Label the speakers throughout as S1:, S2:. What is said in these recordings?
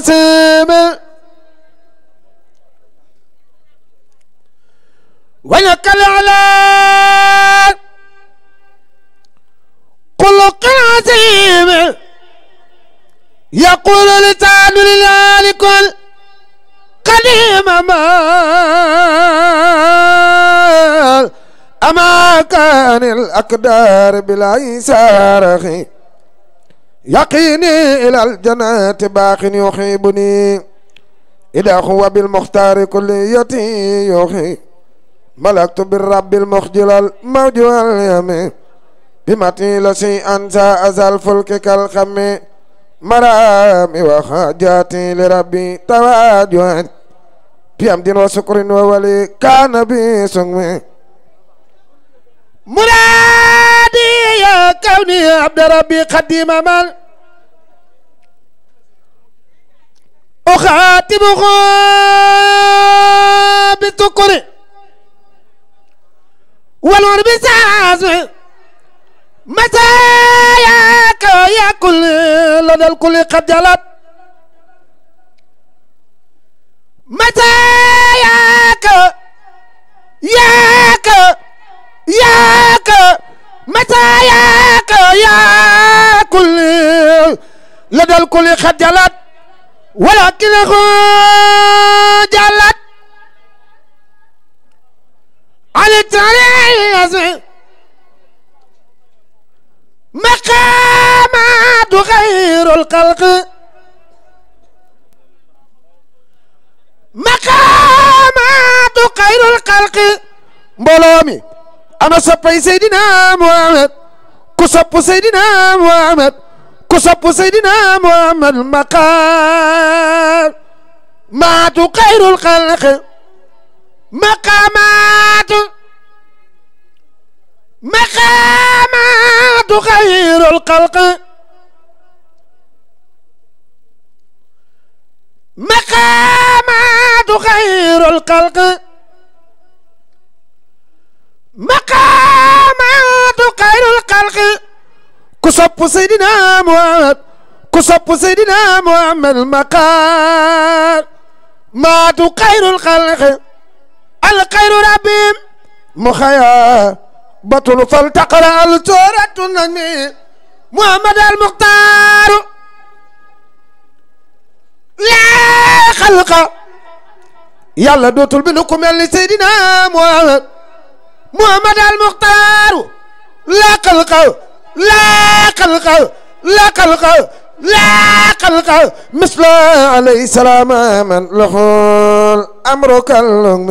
S1: حسيب ولك الإعلان خلق عظيم يقول لسان لذلك قديم ما أما كان
S2: الأقدار بلا يسارخي يقيني إلى الجنة باق يحبني إذا هو بالمختار كليتي يحي ملكت بالرب المخجل الموجود اليمين بمتي لشيء أنسى أزال فلك كالخم مرامي وحاجاتي لربي تواجها بحمد وشكر وولي كان بي سمي مراد
S1: هدي يا كوني عبد ربي قديم من أخاتمه بالذكر والعرب سازم مزاياك يا كل لدى الكل قد جلت مزاياك ياك ياك متاياك يا كل لدى الكل خجلت ولكن خجلت على التاريخ مقامات غير الخلق مقامات غير الخلق مبلومي ana soppay Seydina Muhammad ku sopp Seydina Muhammad ku sopp Seydina Muhammad maqaam maatu xayrul xalq maqaamaatu maqaamaatu xayrul xalq maqaamaatu xayrul xalq ku sopp Seydina Muhammad ku sopp Seydina Muhammad maqaar maatu xayrul xalqi al xayru rabbim mu xayaa batul fal taqra al suuratu najmi Muhammad al muxtaaru yaa xalqa yàlla dootul bindu ku mel ni Seydina Muhammad Muhammad al muxtaaru laa xalqa لا خلق لا خلق لا
S2: خلق مثل عليه السلام من لخول أمرك اللغم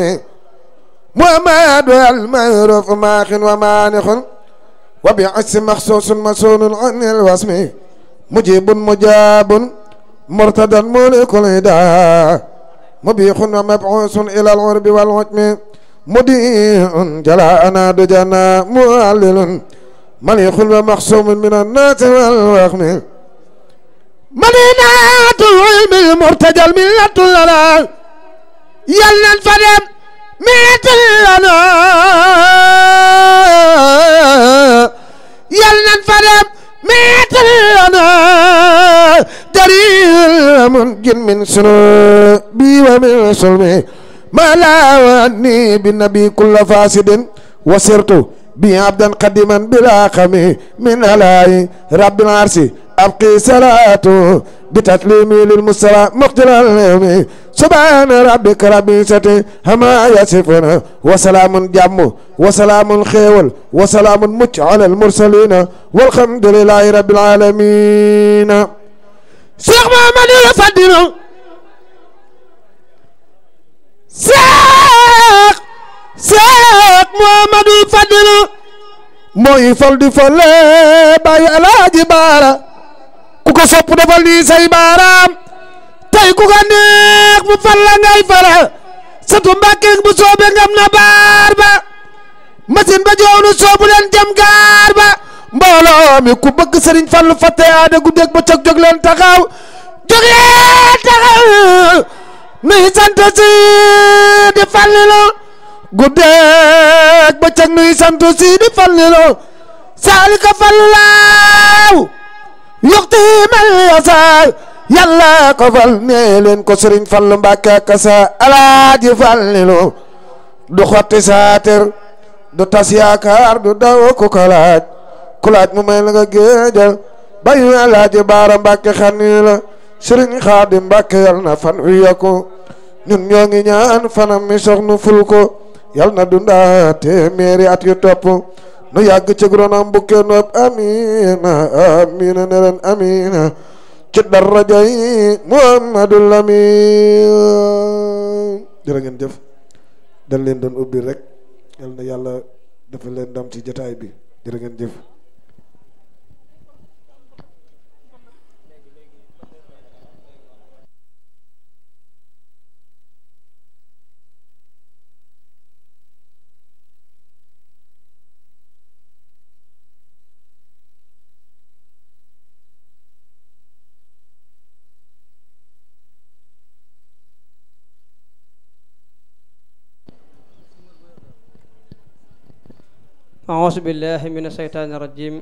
S2: محمد المعروف ماخ ومانخ وبعث مخصوص مسؤول عن الوسم مجيب مجاب مرتدى ملك الهدى مبيخ ومبعوث إلى العرب والعجم مديء جلاءنا دجنا معلل من يخل مخصوم من النات والوهم
S1: مدينة العلم المرتجى الملة لنا يلا الفرم مئة لنا يلا الفرم مئة لنا
S2: دليل منجن من سنوبي ومن سلمي ما لا وني بالنبي كل فاسد وسرته bi abdan qadiman bila xami min alaayi rabbil arsi abqi salaatu bi taslimi lil mustara muqtilal lemi subhaana rabbika rabbil izzati amma yasifuna wa salaamun jàmm wa salaamun xéewal wa salaamun mucc ala al mursalina walhamdulillahi rabbil alamina
S1: Cheikh Mamadou Fadilou Cheikh Cheikh muhammadul fadil mooy fal di fale bàyyi alaaji baara ku ko sopp defal nii say baaraam tey ku ko neex mu fal la ngay fala satu mbàkke bu soobe ngam na baar ba machine ba joonu soobu leen jëm gaar ba mbooloo ku bëgg sëriñ fallu fatte aada guddeeg ba cog jóg leen taxaw jóg leen taxaw nuy sant si di fallilu guddeeg bëccëg nuy sant Sidi Fallilu saalika fallaaw yoxti mel yasaa
S2: yàlla ko fal nee leen ko sëriñ Fallu Mbàkke ak sa alaaji Fallilu du xotti saatir du tas yaakaar du daw ku ko laaj ku mu may la nga géejal bayu alaaji Baara Mbàkke xanii la sëriñ Xaadim Mbàkke yal na fan wi yokku ñun ñoo ñaan fanam mi soxnu ful ko yàlla na dunda téeméeri at yu topp nu yàgg ci gronam bu kenn nopp amina amina ne leen amina ci darajay muhammadul amin jërë ngeen jëf dañ leen doon ubbi rek yal na yàlla dafa leen dam ci jotaay bi jërë ngeen jëf
S3: أعوذ بالله من الشيطان الرجيم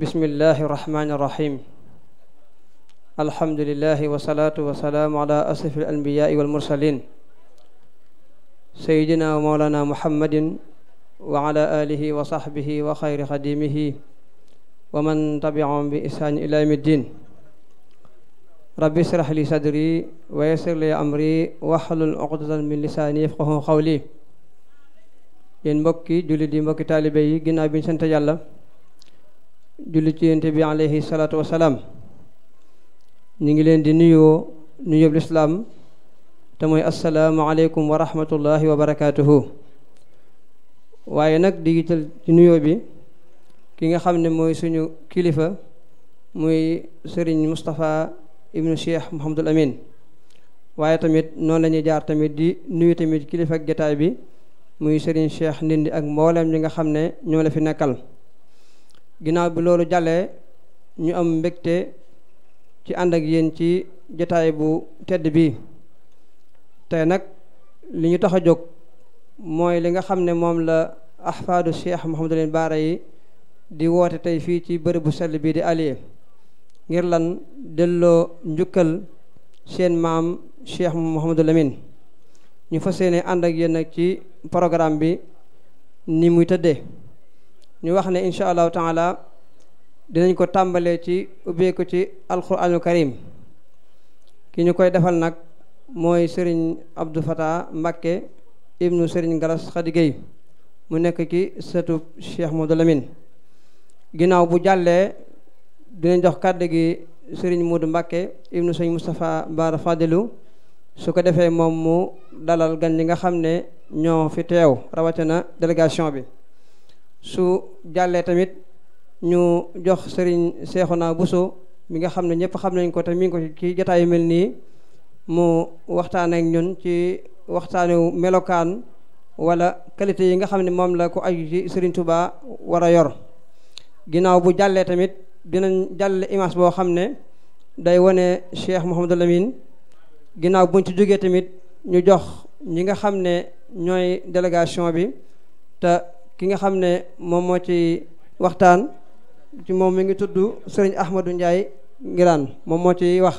S3: بسم الله الرحمن الرحيم الحمد لله والصلاة والسلام على أسف الأنبياء والمرسلين سيدنا ومولانا محمد وعلى آله وصحبه وخير خديمه ومن تبعهم بإحسان إلى يوم الدين رب اشرح لي صدري ويسر لي أمري واحلل عقدة من لساني يفقه قولي yéen mbokki jullit yi mbokki taalibe yi ginnaaw bi ñu sant yàlla jullit ci yonent bi aleyhi salaatu wasalaam ñu ngi leen di nuyoo nuyoob lislaam te mooy assalaamu aleykum wa rahmatullahi waaye nag di jiital ci nuyoo bi ki nga xam ne mooy suñu kilifa muy sëriñ Moustapha ibnu Cheikh Mouhamadul Amin waaye tamit noon lañuy jaar tamit di nuyu tamit kilifa ak bi muy Serigne Cheikh Ndindi ak mboolem li nga xam ne ñoo la fi nekkal ginnaaw bi loolu jàllee ñu am mbégte ci ànd ak yéen ci jataay bu tedd bi tey nag li ñu tax a jóg mooy li nga xam ne moom la ahfaadu Cheikh Mouhamadou Bara yi di woote tey fii ci bërëb bu sell bii di Alieu ngir lan delloo njukkal seen maam Cheikh Mouhamadou Lamine ñu fas yéene ànd ak yéen nag ci programme bi ni muy tëddee ñu wax ne incha allahu taala dinañ ko tàmbalee ci ubbee ci ci alquraanul karim ki ñu koy defal nag mooy seriñ Abdou Fatah Mbakke ibnu sëriñ Galas Khady mu nekk ci sëtub Cheikh Modou Lamine ginnaaw bu jàllee dinañ jox kàddu gi sëriñ Modou Mbakke ibnu sëriñ Moustapha Bara Fadilu su ko defee moom mu dalal gan ñi nga xam ne ñoo fi teew na délégation bi su jàllee tamit ñu jox sëriñ Serigne naa Bousso mi nga xam ne ñëpp xam nañ ko te mi ngi yu mel nii mu waxtaan ñun ci waxtaanu melokaan wala qualité yi nga xam ne moom la ko aju ci Serigne Touba war a yor ginnaaw bu jàllee tamit dinañ jàll image boo xam ne day wane Cheikh Mouhamadou Lamine ginnaaw buñ ci jógee tamit ñu jox ñi nga xam ne ñooy délégation bi te ki nga xam ne moom moo ci waxtaan ci moom mi ngi tudd sëriñ Ahmadou Ndiaye Ngiraan moom moo ci wax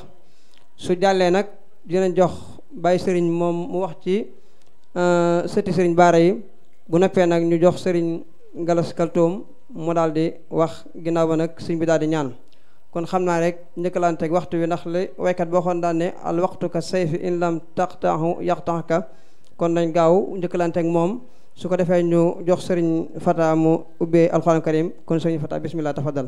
S3: su jàllee nag dinañ jox bàyyi sëriñ moom mu wax ci euh, sëti sëriñ Baara yi bu noppee nag ñu jox sëriñ Galas Kaltoom moo daal di wax ginnaaw ba nag sëriñ bi daal di ñaan kon xam naa rek njëkkalanteeg waxtu wi ndax li waykat boo xoon daan ne al waxtu ka tax in lam taqtahu yaqtaka kon nañ gaaw njëkkalanteeg moom su ko defee ñu jox sëriñ Fata mu ubbee alxuraan karim kon sëriñ Fata bismillah tafadal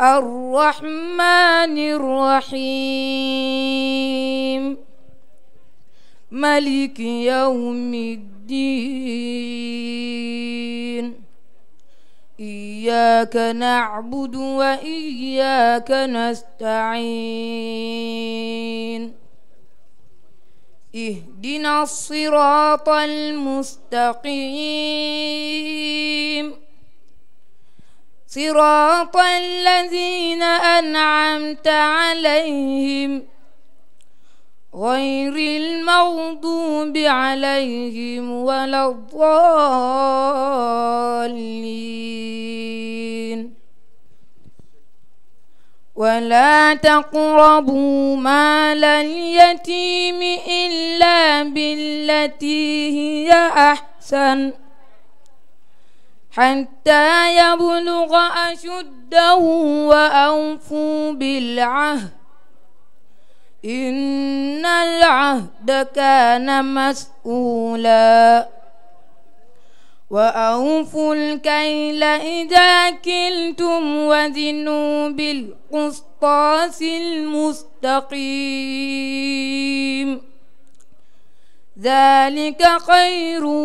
S4: الرحمن الرحيم ملك يوم الدين إياك نعبد وإياك نستعين اهدنا الصراط المستقيم صراط الذين أنعمت عليهم غير المغضوب عليهم ولا الضالين ولا تقربوا مال اليتيم إلا بالتي هي أحسن حتى يبلغ أشده وأوفوا بالعهد إن العهد كان مسؤولا وأوفوا الكيل إذا كلتم وزنوا بالقسطاس المستقيم dhalika xayru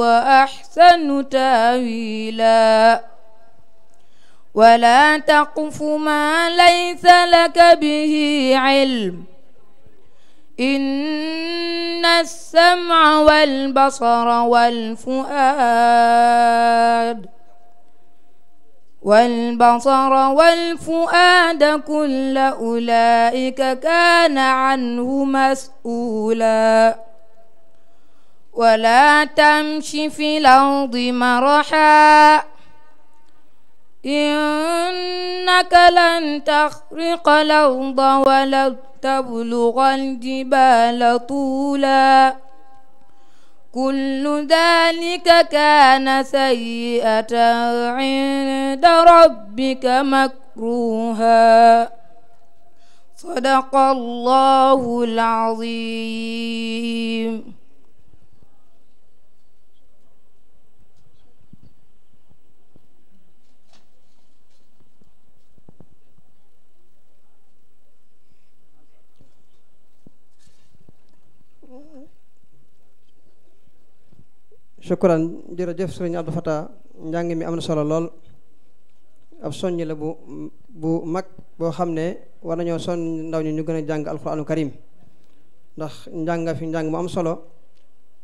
S4: wa axsanu taawila wala taqfu ma laysa laka bihi ilm inna as-sam'a wal basara wal fu'aad wal basara wal fu'aada kulla ulaa'ika kaana anhu mas'uula ولا تمش في الأرض مرحا إنك لن تخرق الأرض ولن تبلغ الجبال طولا كل ذلك كان سيئة عند ربك مكروها صدق الله العظيم
S3: shukran jërëjëf sëriñ Abdou Fatah njàng mi am na solo lool ab soññ la bu bu mag boo xam ne war nañoo soññ ndaw ñi ñu gën a jàng alquranu karim ndax njàng fi njàng mu am solo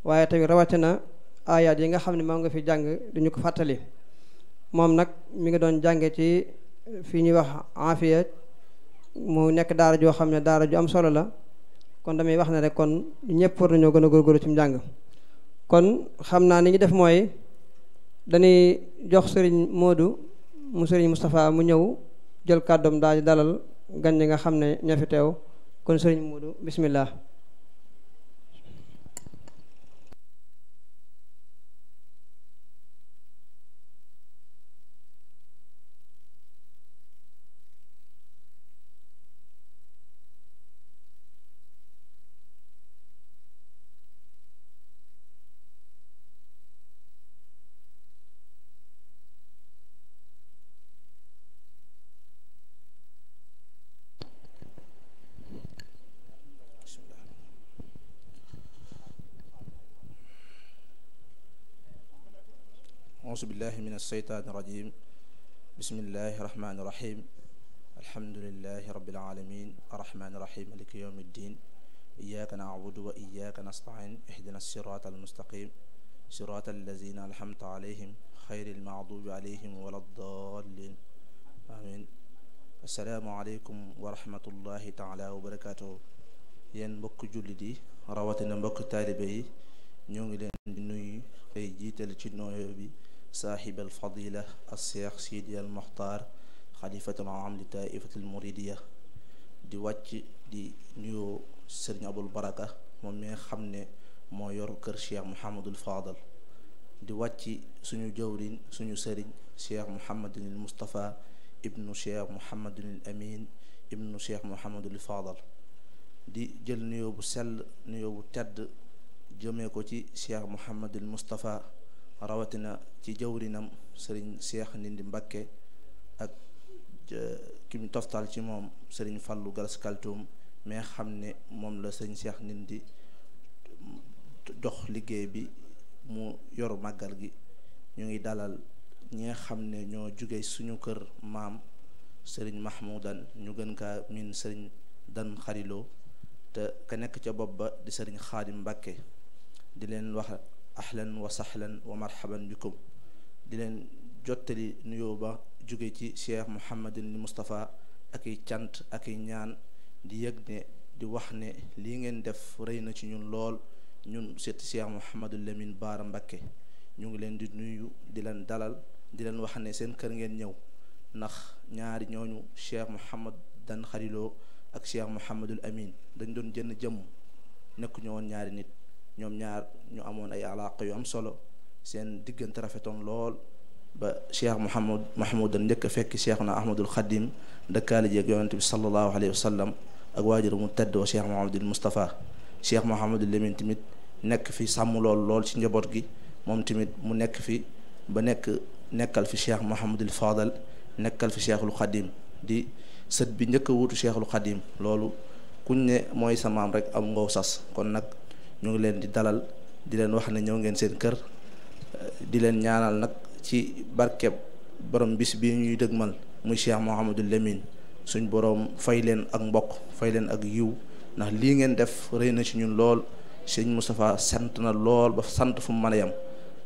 S3: waaye tamit rawatina aayaat yi nga xam ne moom nga fi jàng du ko fàttali moom nag mi ngi doon jànge ci fii ñuy wax afiya mu nekk daara joo xam ne daara ju am solo la kon damay wax ne rek kon ñëpp war nañoo gën a góorgóorlu ci njàng kon xam naa ni ñu def mooy dañuy jox sëriñ Modou mu sëriñ Moustapha mu ñëw jël kàddoom daal di dalal gan ñi nga xam ne ñoo fi teew kon sëriñ Modou bismillah
S5: min alsheytaan irajim bismillahi irrahmani irrahim alhamdulilahi rabilalamin arrahmani irrahim maliki yawm ddin iyaaka nacbudu wa iyaaka nastain ihdina siraat almustaqim siraat allazina alhamta alayhim xayri almaadubi alayhim wala ddallin amin asalaamualeykum wa rahmatullahi taala wa barakatuhu yéen mbokk jullit yi rawatina mbokk taalibe yi ñoo ngi leen di nuyu tey jiital ci nooyo bi saaxib alfadila alseex sidi al muxtaar xalifatul am li taaifatul muridiya di wàcc di nuyoo sëriñ abul baraka moom xam ne moo yor kër cheikh muhammadul faadal di wàcc suñu jëwriñ suñu sëriñ cheikh muhammadul mustafa ibnu cheikh muhammadul amin ibnu cheikh muhammadul faadal di jël nuyoo bu sell nuyoo bu tedd jëmee ko ci cheikh muhammadul mustafa rawatina ci jawrinam sëriñ Cheikh Ndindi Mbakke ak ki mu toftal ci moom sëriñ Fallou Galas Kaltoum mais xam ne moom la sëriñ Cheikh di jox liggéey bi mu yoru màggal gi ñu ngi dalal ñi nga xam ne ñoo jóge suñu kër maam sëriñ Mahmoudan ñu gën kaa miin sëriñ Dan Xarilo te ka nekk ca bopp ba di sëriñ Xaadim Mbakke di leen wax ahlan wa sahlan wa marhaban bikum di leen jottali nuyoo ba jóge ci cheikh mouhamadin moustapha ak i cant ak i ñaan di yëg ne di wax ne lii ngeen def rëy na ci ñun lool ñun seet cheikh mouhamadul Lamine Baara Mbakke ñu ngi leen di nuyu di leen dalal di leen wax ne seen kër ngeen ñëw ndax ñaari ñooñu cheikh mouhamad dan xariloo ak cheikh mouhamadul amin dañ doon jënn jëmm nekk ñoo woon ñaari nit ñoom ñaar ñu amoon ay alaaq yu am solo seen diggante rafetoon lool ba cheikh Mouhamad Mahmoudan njëkk a fekk cheikh na Ahmadul Xadim dëkkaale jeeg yonente bi sallallahu alayhi wa sallam ak waajur mu tedd wa cheikh Mouhamadul mustafa cheikh Mouhamadul Lamine tamit nekk fi sàmm lool lool ci njaboot gi moom tamit mu nekk fi ba nekk nekkal fi cheikh Mouhamadul Fadal nekkal fi cheikhul Xadim di sët bi njëkk a wuutu cheikhul loolu kuñ ne mooy samaam rek am ngaw sas ñu ngi leen di dalal di leen wax ne ñëw ngeen seen kër di leen ñaanal nag ci barkeb borom bis bi ñuy dëgmal muy Cheikh Mouhamadou lemin suñ borom fay leen ak mbokk fay leen ak yiw ndax lii ngeen def rëy na ci ñun lool Serigne Moustapha sant na lool ba sant fu mu mën a yem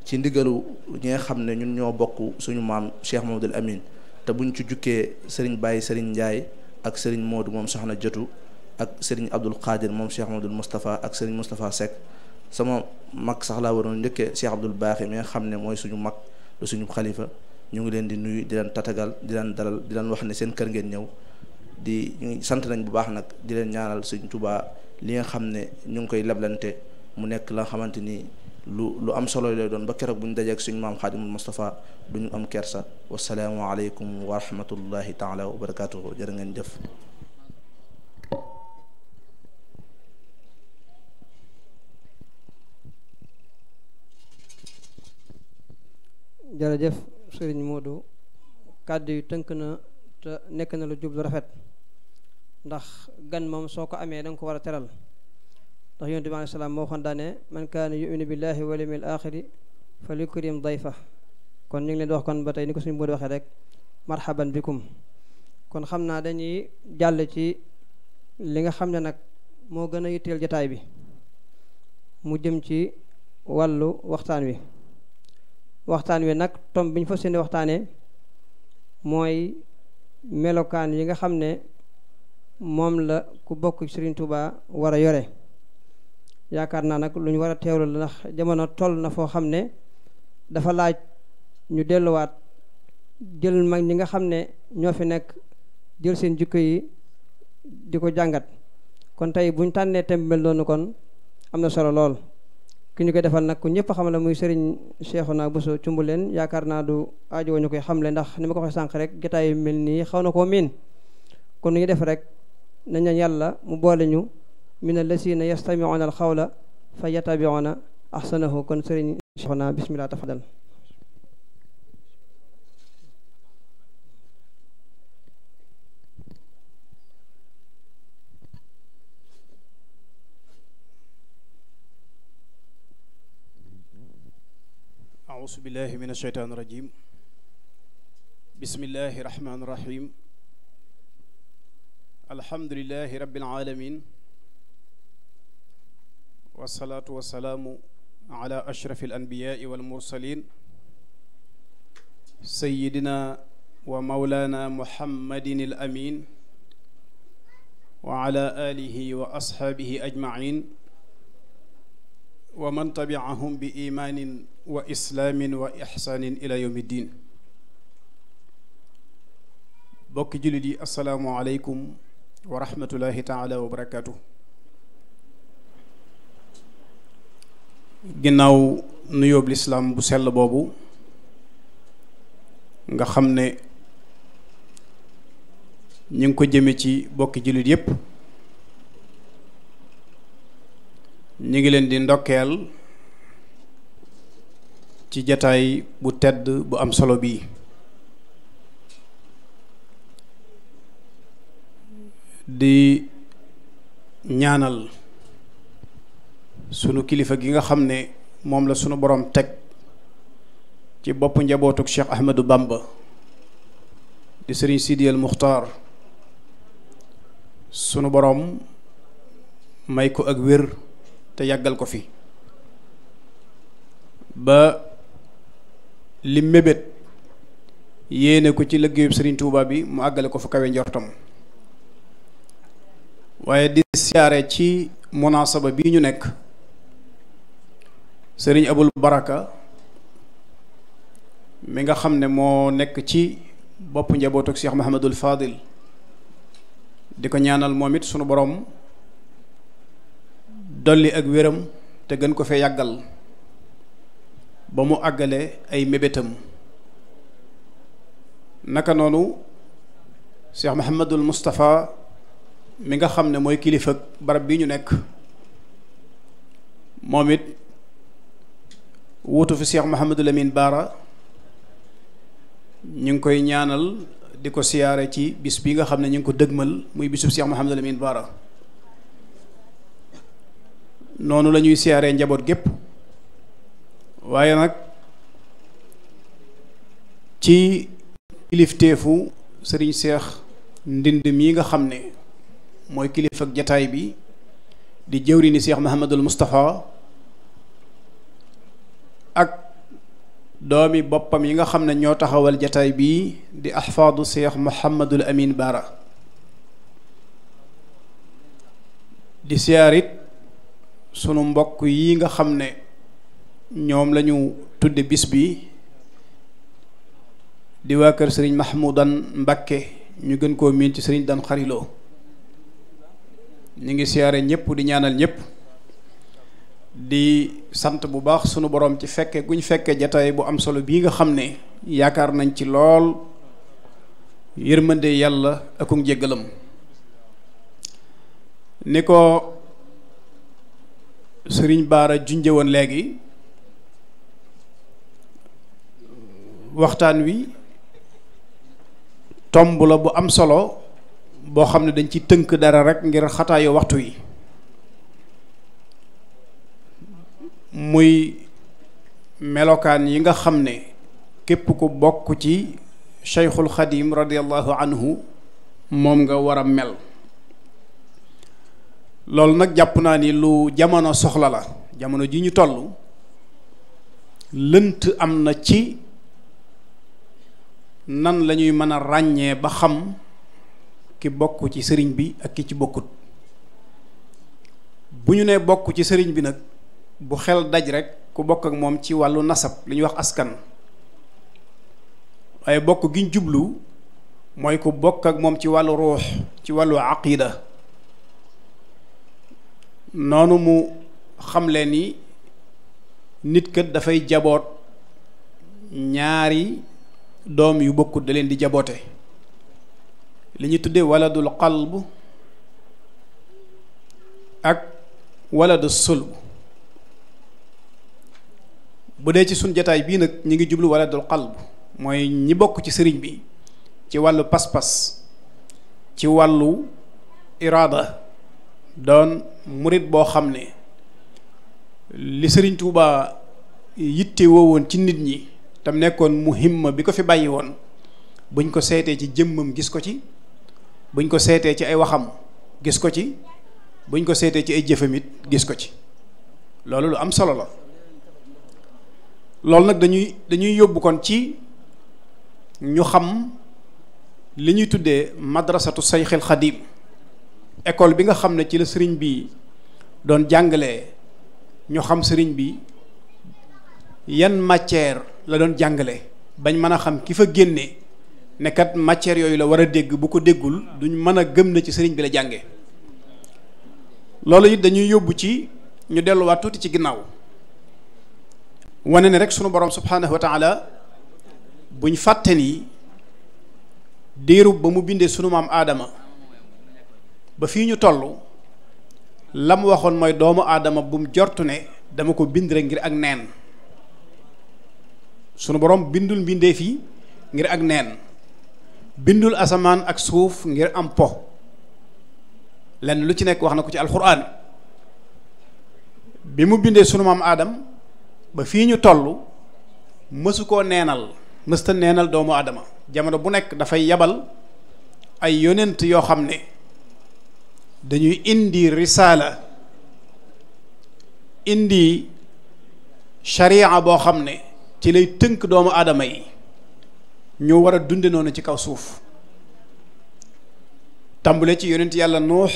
S5: ci ndigalu ñi nga xam ne ñun ñoo bokk suñu maam Cheikh Mouhamadou amin te buñ ci jukkee Serigne bàyyi Serigne Ndiaye ak Serigne Modou moom soxna jotu ak sëriñ Abdul Qadir moom Cheikh Amadou Moustapha ak sëriñ Moustapha Seck sama mag sax laa waroon njëkkee Cheikh Abdul Baaxi mi nga xam ne mooy suñu mag lu suñu xalifa ñu ngi leen di nuyu di leen tatagal di leen dalal di leen wax ne seen kër ngeen ñëw di sant nañ bu baax nag di leen ñaanal Sëriñ tubaa li nga xam ne ñu ngi koy leblante mu nekk la xamante ni lu lu am solo lay doon ba keroog bu ñu dajeeg suñu maam Xaadimul Moustapha du ñu am kersa wasalaamualeykum wa rahmatullahi taala wa barakaatuhu jërë ngeen jëf.
S3: jërëjëf sëriñ Modou kàddu yi tënk na te nekk na lu jublu rafet ndax gan moom soo ko amee danga ko war a teral ndax yonent bi alayhi salaam moo waxoon daane man kaana yu'minu billahi wal yawmil aaxiri falyukrim dayfa kon ñu ngi leen di kon ba tey ni ko suñu Modou waxee rek marhaban bikum kon xam naa dañuy jàll ci li nga xam ne nag moo gën a yitteel jataay bi mu jëm ci wàllu waxtaan wi waxtaan wi nag tom bi ñu fa yéene waxtaanee mooy melokaan yi nga xam ne moom la ku bokk Serigne Touba war a yore yaakaar naa nag lu ñu war a teewlu la ndax jamono toll na foo xam ne dafa laaj ñu delluwaat jël mag ñi nga xam ne ñoo fi nekk jël seen jikko yi di ko jàngat kon tey buñ tànnee temb mel noonu kon am na solo lool. ki ñu koy defal nag ku ñëpp xam la muy Serigne Cheikhouna Bousso leen yaakaar naa du aajo ñu koy xamle ndax ni ma ko koy sànq rek jotaay yu mel nii xaw na koo miin kon nu ñu def rek nañ ñaan yàlla mu boole ñu min allasina xaw la fa yatabiuna ahsanahu kon Serigne naa bismillah tafadal
S6: أعوذ بالله من الشيطان الرجيم بسم الله الرحمن الرحيم الحمد لله رب العالمين والصلاة والسلام على أشرف الأنبياء والمرسلين سيدنا ومولانا محمد الأمين وعلى آله وأصحابه أجمعين ومن تبعهم بإيمان wa islaamin wa ixsaanin ila yawmi bokki jullit yi asalaamu aleykum wa rahmatullahi wa barakaatu ginnaaw nuyóob lislaam bu sell boobu nga xam ne ñu ngi ko jëme ci bokki jullit yépp ñu ngi leen di ndokkeel ci jataay bu tedd bu am solo bii di ñaanal sunu kilifa gi nga xam ne moom la sunu boroom teg ci boppu njabootuk Cheikh Ahmadou Bamba di sëriñ Sidi El Muxtaar sunu boroom may ko ak wér te yàggal ko fi ba li mébét yéene ko ci liggéeyub Serigne Touba bi mu àggale ko fa kawe njortam waaye di siyaare ci munaasaba bi ñu nekk sëriñ Abul Baraka mi nga xam ne moo nekk ci bopp njabootu ak Cheikh Mahamadul Fadil di ko ñaanal moom it sunu boroom dolli ak wéram te gën ko fee yàggal. ba mu àggale ay mébétam naka noonu Cheikh Mouhamadul Moustapha mi nga xam ne mooy kilifa barab bi ñu nekk moom it wuutu fi Cheikh Mouhamadul Amin Baara ñu ngi koy ñaanal di ko siyaare ci bis bi nga xam ne ñu ngi ko dëgmal muy bisub Cheikh Mouhamadul Amin Baara noonu la ñuy siyaaree njaboot gépp waaye nag ci kilifteefu sëriñ seex ndind mii nga xam ne mooy kilif ak jataay bi di jëwri ni seex Mahamadul Moustapha ak doomi boppam yi nga xam ne ñoo taxawal jataay bii di ahfaadu seex Mouhamadul Amin Baara di siyaarit sunu mbokk yi nga xam ne ñoom lañu ñu tudde bis bi di waa kër sëriñ mu Mahmoudan Mbakke ñu gën koo miin ci sëriñ Dan Xariloo ñu ngi siyaare ñëpp di ñaanal ñëpp di sant bu baax sunu borom ci fekke gu fekkee jataay bu am solo bii nga xam ne yaakaar nañ ci lool yërmande yàlla akum njéggalam ni ko sëriñ Baara junje woon léegi waxtaan wi tomb la bu am solo boo xam ne dañ ci tënk dara rekk ngir xataayu waxtu yi muy melokaan yi nga xam ne képp ko bokk ci Cheikhul Xadim radiallahu anhu moom nga war a mel loolu nag jàpp naa ni lu jamono soxla la jamono ji ñu toll lënt am na ci nan lañuy ñuy mën a ràññee ba xam ki bokk ci sëriñ bi ak ki ci bokkut bu ñu nee bokk ci sëriñ bi nag bu xel daj rekk ku bokk ak moom ci wàllu nasab li ñuy wax askan waaye bokk giñ jublu mooy ku bokk ak moom ci wàllu ruux ci wàllu aqida noonu mu xamle ni nit kat dafay jaboot ñaari doom yu bokkut da leen di jaboote li ñu tudde waladul qalb ak waladul sulb bu dee ci sun jataay bii nag ñu ngi jublu waladul qalb mooy ñi bokk ci sëriñ bi ci wàllu pas-pas ci wàllu iraada doon murit boo xam ne li sëriñ Tuubaa yitte woowoon ci nit ñi tam nekkoon muhimma bi ko fi bàyyi woon buñ ko seetee ci jëmmam gis ko ci buñ ko seetee ci ay waxam gis ko ci buñ ko seetee ci ay jëfam gis ko ci loolu lu am solo la loolu nag dañuy dañuy yóbbu kon ci ñu xam li ñuy tuddee madrasatu sayxil xadim école bi nga xam ne ci la sëriñ bi doon jàngalee ñu xam sëriñ bi yan matière la doon jàngale bañ mën a xam ki fa génne ne kat yooyu la war a dégg bu ko déggul duñ mën a gëm na ci sëriñ bi la jànge loolu it dañuy yóbbu ci ñu delluwaat tuuti ci ginnaaw wane ne rek sunu borom subhanahu wa taala buñ fàtte ni diirub ba mu bindee sunu maam aadama ba fii ñu tollu lam waxoon mooy doomu aadama bu jortu ne dama ko bind rek ngir ak neen sunu borom bindul mbindeef yi ngir ak neen bindul asamaan ak suuf ngir am po lenn lu ci nekk wax na ko ci alxuraan bi mu bindee sunu maam aadam ba fii ñu tollu mësu koo neenal mësta neenal doomu aadama jamono bu nekk dafay yabal ay yonent yoo xam ne dañuy indi risaala indi sharia boo xam ne ci lay tënk doomu aadama yi ñu war a dunde noonu ci kaw suuf tàmbule ci yonent yàlla nuux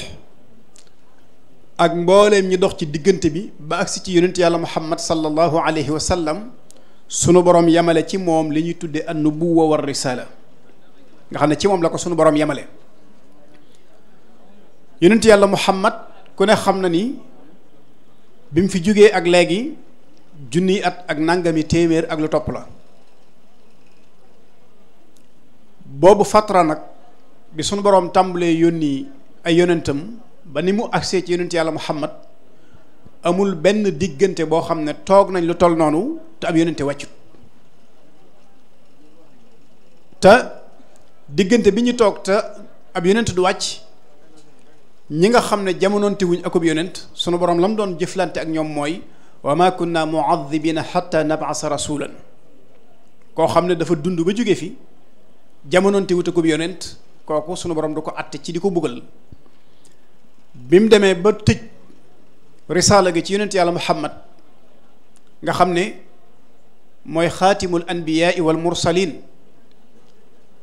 S6: ak mbooleem ñi dox ci diggante bi ba agsi ci yonent yàlla muhammad sallallahu alayhi wa sallam sunu borom yamale ci moom li ñuy tuddee an nubuwa war risala nga xam ne ci moom la ko sunu borom yamale yonent yàlla muhammad ku ne xam na ni bi mu fi jógee ak léegi junniy at ak nangami téeméer ak lu topp la boobu fatra nag bi sunu boroom tàmbalee yónni ay yonentam ba ni mu agsee ci yonent yàlla muhammad amul benn diggante boo xam ne toog nañ lu toll noonu te ab yonente wàccut te diggante bi ñu toog te ab yonent du wàcc ñi nga xam ne jamonoonte wuñ akub yonent sunu boroom la mu doon jëflante ak ñoom mooy wa ma kunna muadibina xatta nabasa rasulan koo xam ne dafa dund ba jóge fi jamonoonte wutakub yonent kooku sunu borom du ko àtte ci di ko buggal bi mu demee ba tëj risaala gi ci yonent yàlla muhammad nga xam ne mooy xaatimul anbiyaai wal mursalin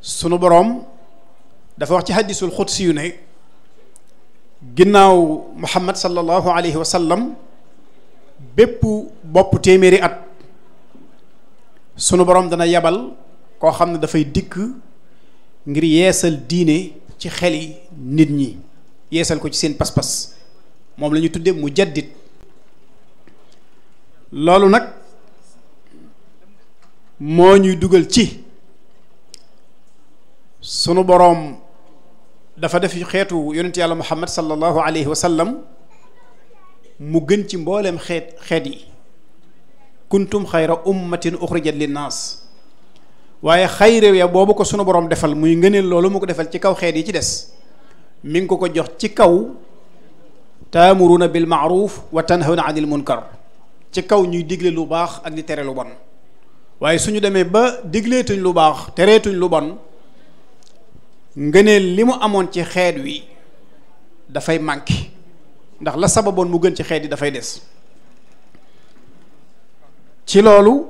S6: sunu boroom dafa wax ci hadisul xudsi yu ne ginnaaw muhammad sallallahu alayhi wa sallam bépp bopp téeméeri at sunu borom dana yebal koo xam ne dafay dikk ngir yeesal diine ci xeli nit ñi yeesal ko ci seen pas-pas moom la ñu tudde mu jaddit loolu nag moo ñuy dugal ci sunu boroom dafa def xeetu yonent yàlla muhammad sallallahu alayhi wa sallam mu gën ci mbooleem xeet xeet yi kuntum xayra ummatin uxrijat linnaas waaye xayre ya boobu ko sunu borom defal muy ngëneel loolu mu ko defal ci kaw xeet yi ci des mi ngi ko ko jox ci kaw taamuruna bil maaruf wa tanhawna anil munkar ci kaw ñuy digle lu baax ak li tere lu bon waaye suñu demee ba digleetuñ lu baax tereetuñ lu bon ngëneel li mu amoon ci xeet wi dafay manqué ndax la sababoon mu gën ci xeet yi dafay des ci loolu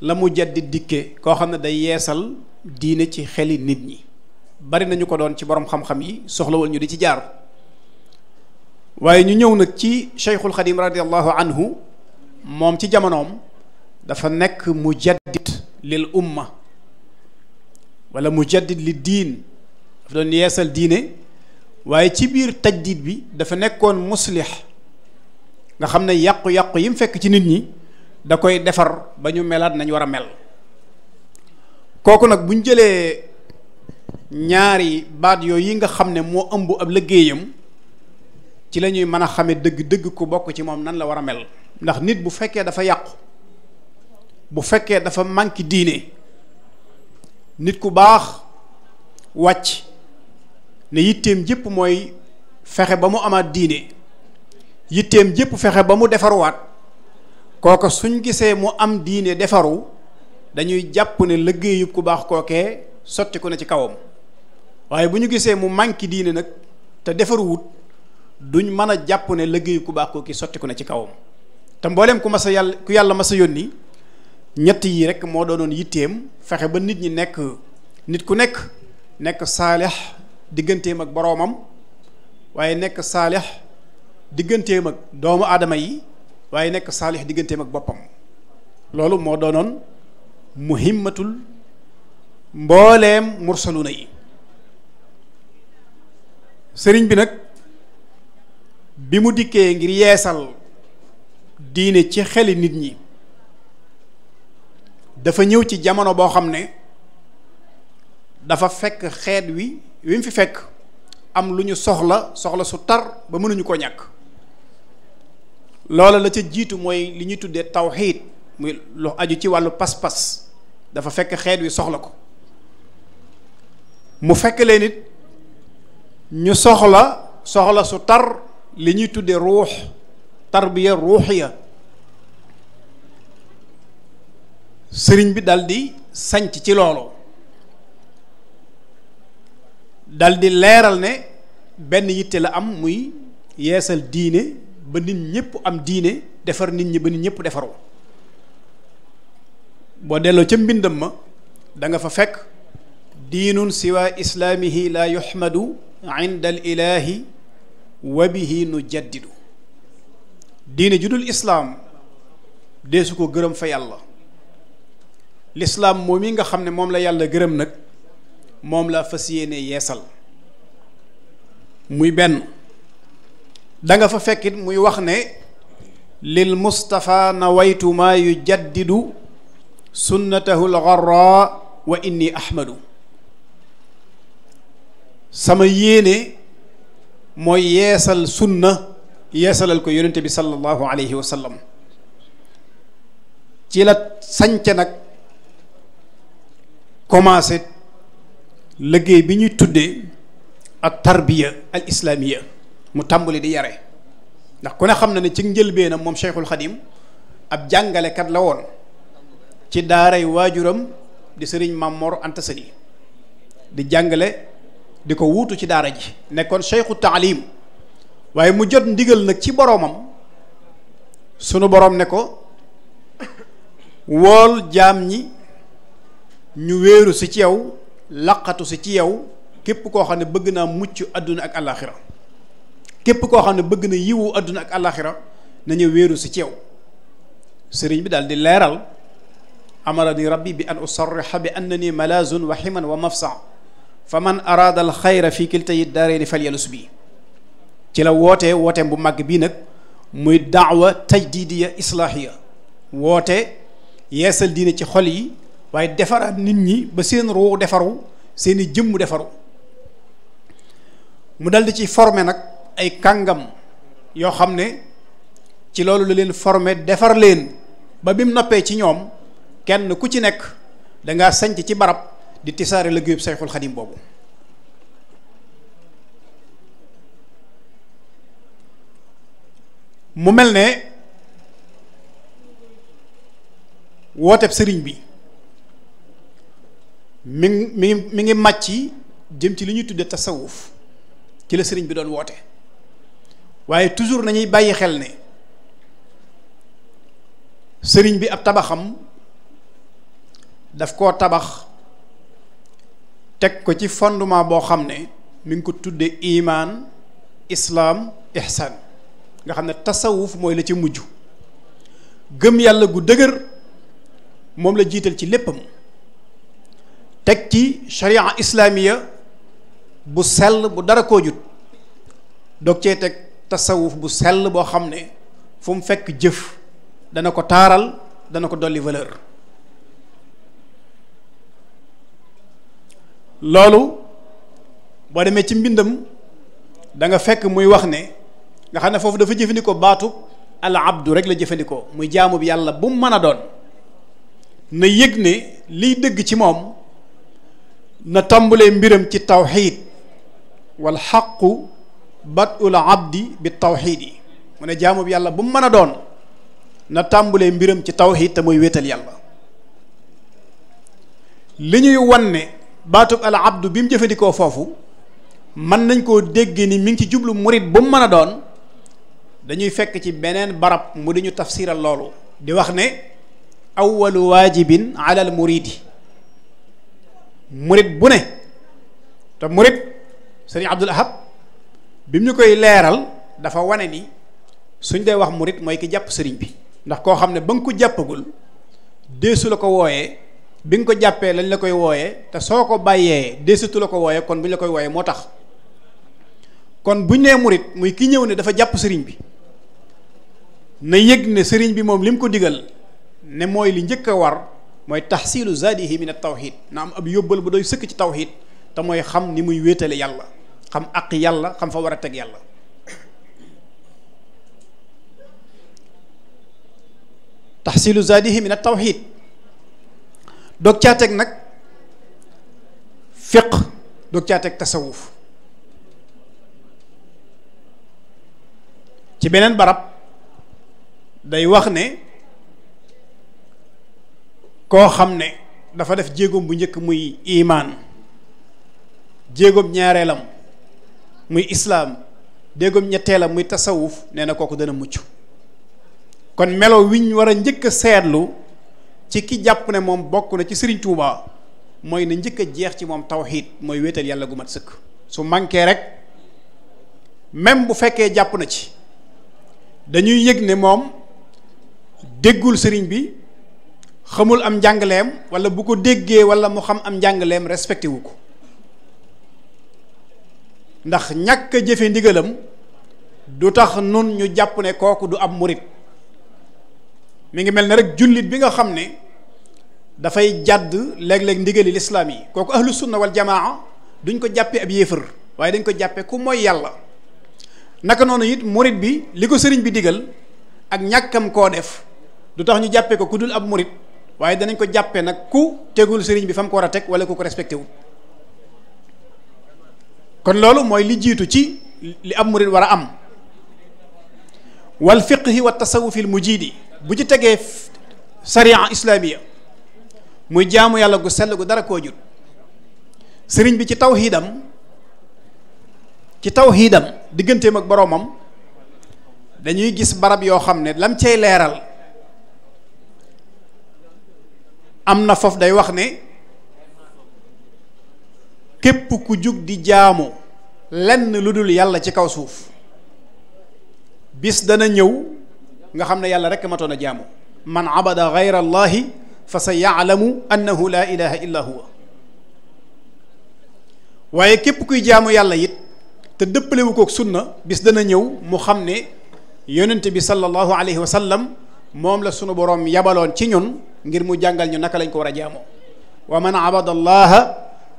S6: la mu jaddi dikke koo xam ne day yeesal diine ci xeli nit ñi bari nañu ko doon ci boroom xam-xam yi soxlawul ñu di ci jaar waaye ñu ñëw nag ci cheikhul xadim radiallahu anhu moom ci jamonoom dafa nekk mujaddid lil umma wala mujaddid li diin dafa doon yeesal diine waaye ci biir tajdid bi dafa nekkoon muslix nga xam ne yàqu-yàqu yi mu fekk ci nit ñi da koy defar ba ñu melaat nañ war a mel kooku nag bu ñu jëlee ñaari baat yooyu yi nga xam ne moo ëmb ab liggéeyam ci lañuy ñuy mën a xame dëgg-dëgg ku bokk ci moom nan la war a mel ndax nit bu fekkee dafa yàqu bu fekkee dafa manqué diine nit ku baax wàcc ne yitteem jëpp mooy fexe ba mu amaat diine yitteem jëpp fexe ba mu defaruwaat kooka suñ gisee mu am diine defaru dañuy jàpp ne liggéeyub ku baax kookee sotti ko na ci kawam waaye bu ñu gisee mu manki diine nag te defaruwut duñ mën a jàpp ne liggéeyub ku baax kookee sotti ko na ci kawam te mbooleem ku mas a yàlla ku yàlla mas a yónni ñett yi rek moo doonoon yitteem fexe ba nit ñi nekk nit ku nekk nekk saalix digganteem ak boroomam waaye nekk saalix digganteem ak doomu aadama yi waaye nekk saalix digganteem ak boppam loolu moo doonoon muhimmatul mbooleem mursaluna yi sëriñ bi nag bi mu dikkee ngir yeesal diine ci xeli nit ñi dafa ñëw ci jamono boo xam ne dafa fekk xeet wi wi mu fi fekk am lu ñu soxla soxla su tar ba mënuñu koo ñàkk loola la ca jiitu mooy li ñuy tuddee tawxiid muy lu aju ci wàllu pas-pas dafa fekk xeet wi soxla ko mu fekk leen it ñu soxla soxla su tar li ñuy tuddee ruux tarbiya ruuxiya sëriñ bi daldi sanc ci loolu daldi leeral ne benn yitte la am muy yeesal diine ba nit ñëpp am diine defar nit ñi ba nit ñëpp defaroo boo delloo ca mbindam ma danga fa fekk diinun siwa islaamihi la yuhmadu inda al ilahi wa nu jaddidu diine ju dul islaam deesu ko gërëm fa yàlla lislaam moom yi nga xam ne moom la yàlla gërëm nag moom laa fas yéene yeesal muy benn danga fa fekkit muy wax ne lil mustafa nawaytu maa yu jaddidu sunnatahu lgarra wa inni ahmadu sama yéene mooy yeesal sunna yeesalal ko yonente bi sallallahu alayhi wa ci la sañc nag commencé liggéey bi ñuy tuddee ab tarbiya al islaamiya mu tàmbali di yare ndax ku ne xam na ne ci njëlbéenam moom Cheikhul Xadim ab jàngalekat la woon ci daaray waajuram di sëriñ Mamor Anta Sali di jàngale di ko wuutu ci daara ji nekkoon Cheikhu taalim waaye mu jot ndigal nag ci boroomam sunu boroom ne ko wool jaam ñi ñu wéeru si ci yow laqatu si ci yow képp koo xam ne bëgg naa mucc àdduna ak àllaaxira képp koo xam ne bëgg na yiwu àdduna ak àllaaxira nañu wéeru si ci yow sëriñ bi daal di leeral amarani rabbi bi an usarriha bi annani malazun wa himan wa mafsa fa man araada al xayra fi kiltayi daareeni falyalus bi ci la woote wooteem bu màgg bii nag muy daawa tajdidiya islaahiya woote yeesal diine ci xol yi waaye defar defaraat nit ñi ba seen ruu defaru seeni i jëmm defaru mu daldi di ci former nag ay kàngam yoo xam ne ci loolu la leen forme defar leen ba bi mu noppee ci ñoom kenn ku ci nekk dangaa sanc ci barab di tisaare liggéeyub Sayxul Xadim boobu mu mel ne wooteb sëriñ bi mi ngi mi ngi mi ngi màcc jëm ci li ñuy tudde tasawuf ci la sëriñ bi doon woote waaye toujours nañuy bàyyi xel ne sëriñ bi ab tabaxam daf koo tabax teg ko ci fondement boo xam ne mi ngi ko tuddee imaan islaam ihsaan nga xam ne tasawuf mooy la ci mujj gëm yàlla gu dëgër moom la jiital ci léppam teg ci sharia islaamiya bu sell bu dara koo jut dog cee teg tasawuf bu sell boo xam ne fu mu fekk jëf dana ko taaral dana ko dolli valeur loolu boo demee ci mbindam danga fekk muy wax ne nga xam ne foofu dafa jëfandikoo baatu al abdu rek la jëfandikoo muy jaamu bi yàlla bu mu mën a doon na yëg ne liy dëgg ci moom na tàmbalee mbiram ci tawxiid wal xaqu badul abdi bi tawxiid yi mu ne jaamu bi yàlla bu mu mën a doon na tàmbalee mbiram ci tawxiid te muy wéetal yàlla li ñuy wan ne baatub al abdu bi mu jëfandikoo foofu mën nañ koo dégg ni mu ngi ci jublu murit bu mu mën a doon dañuy fekk ci beneen barab mu di ñu tafsiral loolu di wax ne awwalu waajibin ala al muridi murit bu ne te murit sëriñ Abdul Ahad bi mu ñu koy leeral dafa wane ni suñ dee wax murit mooy ki jàpp sëriñ bi ndax koo xam ne ba nga ko jàppagul deesu la ko wooyee bi nga ko jàppee lañ la koy wooyee te soo ko bàyyee deesutu la ko wooyee kon bu ñu la koy wooyee moo tax kon bu ñu nee murit muy ki ñëw ne dafa jàpp sëriñ bi na yëg ne sëriñ bi moom li mu ko digal ne mooy li njëkk a war mooy taxsilu zaadihi min at-tawhid na am ab yóbbal bu dooy sëkk ci tawhid te mooy xam ni muy wéetale yàlla xam aq yàlla xam fa war a teg yàlla taxsilu zaadihi min at-tawhid doog caa teg nag fiq doog caa teg tasawuf ci beneen barab day wax ne koo xam ne dafa def jéegoom bu njëkk muy imaan jéegoom ñaareelam muy islaam jéegoom ñetteelam muy tasawuf nee na kooku dana mucc kon melo wiñ war a njëkk a seetlu ci ki jàpp ne moom bokk na ci Serigne Touba mooy na njëkk a jeex ci moom tawxiid mooy wéetal yàlla gu mat sëkk su manqué rek même bu fekkee jàpp na ci dañuy yëg ne moom déggul sëriñ bi xamul am njàngaleem wala bu ko déggee wala mu xam am njàngaleem respecté wu ko ndax ñàkk a jëfe ndigalam du tax nun ñu jàpp ne kooku du ab murit mu ngi mel ne rek jullit bi nga xam ne dafay jàdd léeg-léeg ndigali lislaam yi kooku ahlu sunna wal jamaa duñ ko jàppee ab yéefar waaye dañ ko jàppee ku mooy yàlla naka noonu it murit bi li ko sëriñ bi digal ak ñàkkam koo def du tax ñu jàppee ko ku dul ab murit waaye danañ ko jàppe nag ku tegul sëriñ bi fa mu ko war a teg wala ku ko respecté wu kon loolu mooy li jiitu ci li ab murid war a am wal fiqhi wa tasawufil mujidi bu ci tegee sariya islaamiya muy jaamu yàlla gu sell gu dara koo jut sëriñ bi ci taw tawxiidam ci taw tawxiidam digganteem ak boroomam dañuy gis barab yoo xam ne lam cay leeral am na foofu day wax ne képp ku jug di jaamu lenn lu dul yàlla ci kaw suuf bis dana ñëw nga xam ne yàlla rekk matoon a jaamu man abada gayra allahi waaye képp kuy jaamu yàlla it te dëppalewu kook sunna bis dana ñëw mu xam ne yonent bi sallallahu alayhi wa moom la sunu boroom yabaloon ci ñun ngir mu jàngal ñu naka lañ ko war a jaamoo wa man abada allaha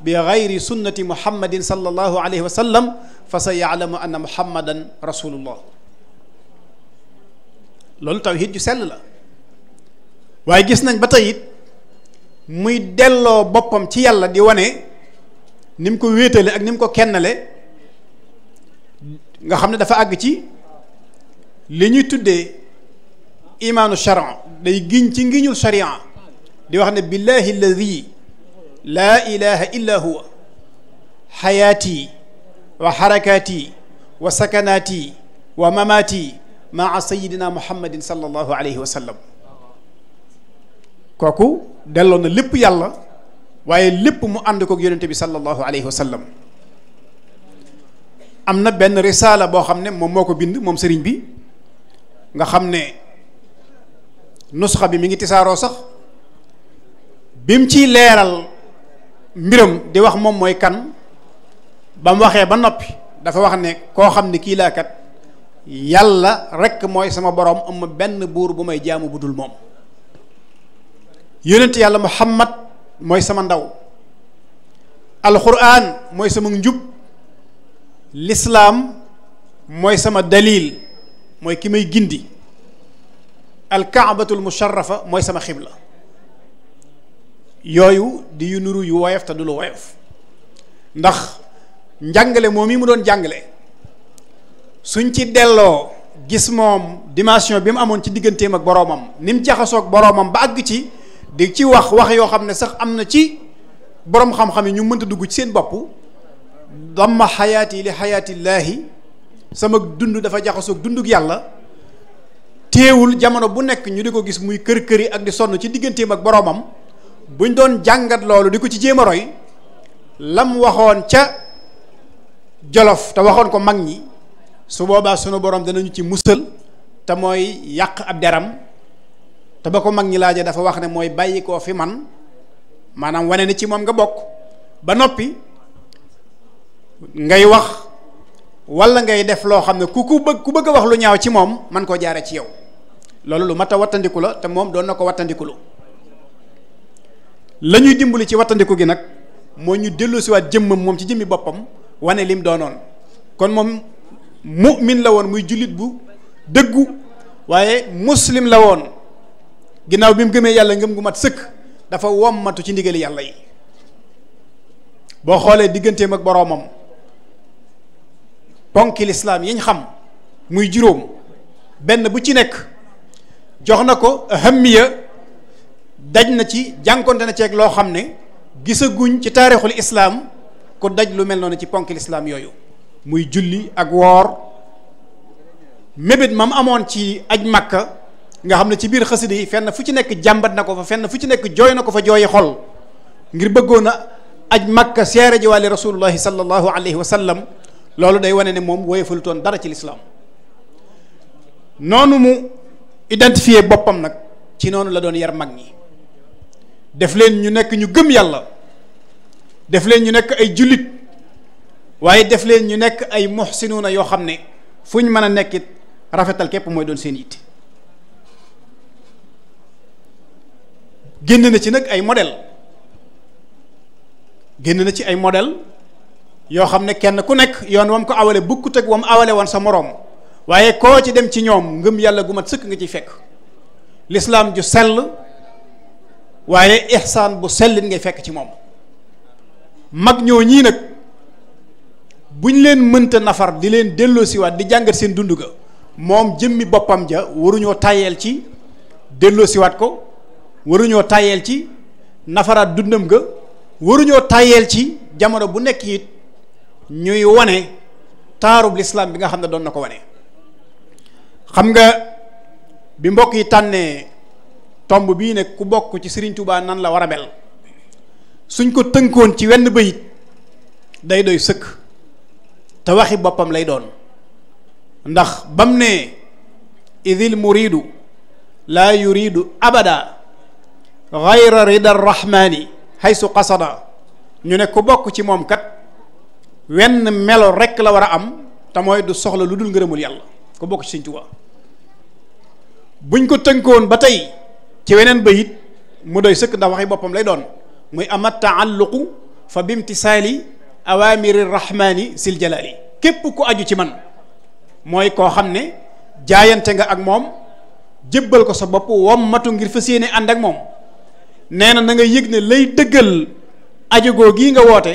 S6: bi gayri sunnati muhammadin sallallahu alayhi wa sallam fa sa yaalamu anna muhammadan rasulullah loolu tawhid ju sell la waaye gis nañ ba tey it muy delloo boppam ci yàlla di wane ni mu ko wéetale ak ni mu ko kennale nga xam ne dafa àgg ci li ñuy tuddee imaanu charan day giñ ci ngiñul charia di wax ne billahi alladi laa ilaha illa huwa xayaati wa xarakaati wa sakanaati wa mamaati maa sayidina muhammadin sallallahu alayhi wa sallam kooku delloo na lépp yàlla waaye lépp mu ànd kook yonente bi sallallahu alayhi wa sallam am na benn risaala boo xam ne moom moo ko bind moom sëriñ bi nga xam ne nusxa bi mi ngi tisaaroo sax mu ciy leeral mbiram di wax moom mooy kan ba mu waxee ba noppi dafa wax ne koo xam ne kii laa kat yàlla rekk mooy sama boroom am benn buur bu may jaamu bu dul moom yonent yàlla muhammad mooy sama ndaw alquran mooy sama njub lislaam mooy sama dalil mooy ki may gindi alkaabatul musharrafa mooy sama xibla yooyu di yu nuru yu woyof te du lu woyof ndax njàngale moom yi mu doon jàngale suñ ci delloo gis moom dimension bi mu amoon ci digganteem ak boroomam ni mu jaxasoog boroomam ba àgg ci di ci wax wax yoo xam ne sax am na ci boroom xam-xam yi ñu mënta dugg ci seen bopp damma xayaati li xayaatillaahi sama dund dafa jaxasoog dunduk yàlla téewul jamono bu nekk ñu di ko gis muy kër kër yi ak di sonn ci digganteem ak boroomam buñ doon jàngat loolu di ko ci jéem a roy lam waxoon ca jolof te waxoon ko mag ñi su boobaa sunu borom danañu ci musal te mooy yàq ab deram te ba ko mag ñi laaje dafa wax ne mooy bàyyi koo fi man maanaam wane ne ci moom nga bokk ba noppi ngay wax wala ngay def loo xam ne ku ku bëgg ku bëgg a wax lu ñaaw ci moom man koo jaaree ci yow loolu lu mat a wattandiku la te moom doon na ko wattandiku lu la ñuy dimbali ci wattandiku gi nag moo ñu dellu siwaat jëmmam moom ci jëmmi boppam wane lim doonoon kon moom mu'min la woon muy jullit bu dëggu waaye muslim la woon ginnaaw bi mu gëmee yàlla ngëm gu mat sëkk dafa wommatu ci ndigali yàlla yi boo xoolee digganteem ak boroomam ponki lislaam yiñ xam muy juróom benn bu ci nekk jox na ko ahamiya daj na ci jànkonte na ceeg loo xam ne gisaguñ ci taarixul islaam ku daj lu mel noonu ci ponki lislaam yooyu muy julli ak woor mébét mam amoon ci aj makka nga xam ne ci biir xasida yi fenn fu ci nekk jàmbat na ko fa fenn fu ci nekk jooy na ko fa jooyi xol ngir bëggoon a aj màkka seere ji rasulullahi sallallahu alayhi wa loolu day wane ne moom woyefalu toon dara ci lislaam noonu mu identifié boppam nag ci noonu la doon yar mag ñi def leen ñu nekk ñu gëm yàlla def leen ñu nekk ay jullit waaye def leen ñu nekk ay muhsinuuna yoo xam ne fu ñu mën a nekkit rafetal képp mooy doon seen yitte génn na ci nag ay modèle génn na ci ay modèle yoo xam ne kenn ku nekk yoon wam ko awale bukkut ak wam awale woon sa moroom waaye koo ci dem ci ñoom ngëm yàlla gumat sëkk nga ciy fekk lislaam ju sell waaye ihsaan bu sellit ngay fekk ci moom mag ñoo ñii nag buñ leen mënta nafar di leen delloosiwaat di jàngat seen dund ga moom jëmmi boppam ja waruñoo tàyyeel ci delloosiwaat ko waruñoo tàyyeel ci nafaraat dundam ga waruñoo tàyyeel ci jamono bu nekk it ñuy wane taarub lislaam bi nga xam ne doon na ko wane xam nga bi mbokk yi tànnee tomb bii ne ku bokk ci Serigne Touba nan la war a mel suñ ko tënkoon ci wenn bayit day doy sëkk te waxi boppam lay doon ndax bam ne idil muridu laa yuridu abada gayra rida rahmaani haysu qasada ñu ne ku bokk ci moom kat wenn melo rekk la war a am te mooy du soxla lu dul ngërëmul yàlla ko bokk ci Sëñ Tuubaa buñ ko tënkoon ba tey ci weneen bayit mu doy sëkk ndax waxi boppam lay doon muy ama taalluqu fa bimtisaali awaamiri rahmaani sil jalaali képp ku aju ci man mooy koo xam ne jaayante nga ak moom jébbal ko sa bopp wommatu ngir fa yéene ànd ak moom nee na na nga yëg ne lay dëggal aju goo gii nga woote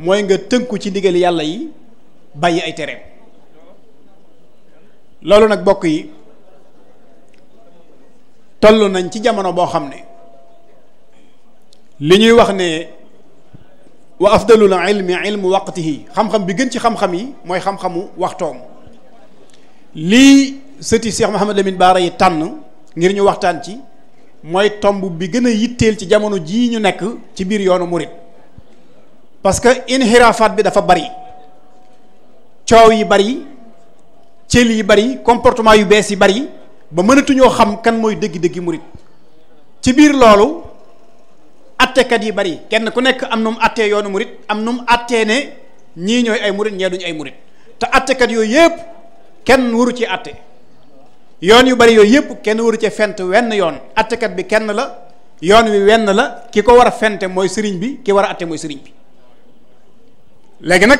S6: mooy nga tënku ci ndigal yàlla yi bàyyi ay tereem loolu nag bokk yi toll nañ ci jamono boo xam ne li ñuy wax ne wa afdalul ilmi ilmu waqtihi xam-xam bi gën ci xam-xam yi mooy xam-xamu waxtoom lii sëti Cheikh Mouhamed Lamine Baara yi tànn ngir ñu waxtaan ci mooy tomb bi gën a yitteel ci jamono jii ñu nekk ci biir yoonu murit parce que inxiraafaat bi dafa bari coow yi bari cël yi bari comportement yu bees yi bari ba mënatuñoo xam kan mooy dëgg-dëggi murit ci biir loolu attekat yi bari kenn ku nekk am nu mu attee yoonu murit am nu mu attee ne ñii ñooy ay murit ñee duñu ay murit te attekat yooyu yëpp kenn waru ci atte yoon yu bari yooyu yëpp kenn waru ci fent wenn yoon attekat bi kenn la yoon wi wenn la ki ko war a fente mooy sëriñ bi ki war a atte mooy sëriñ bi léegi nag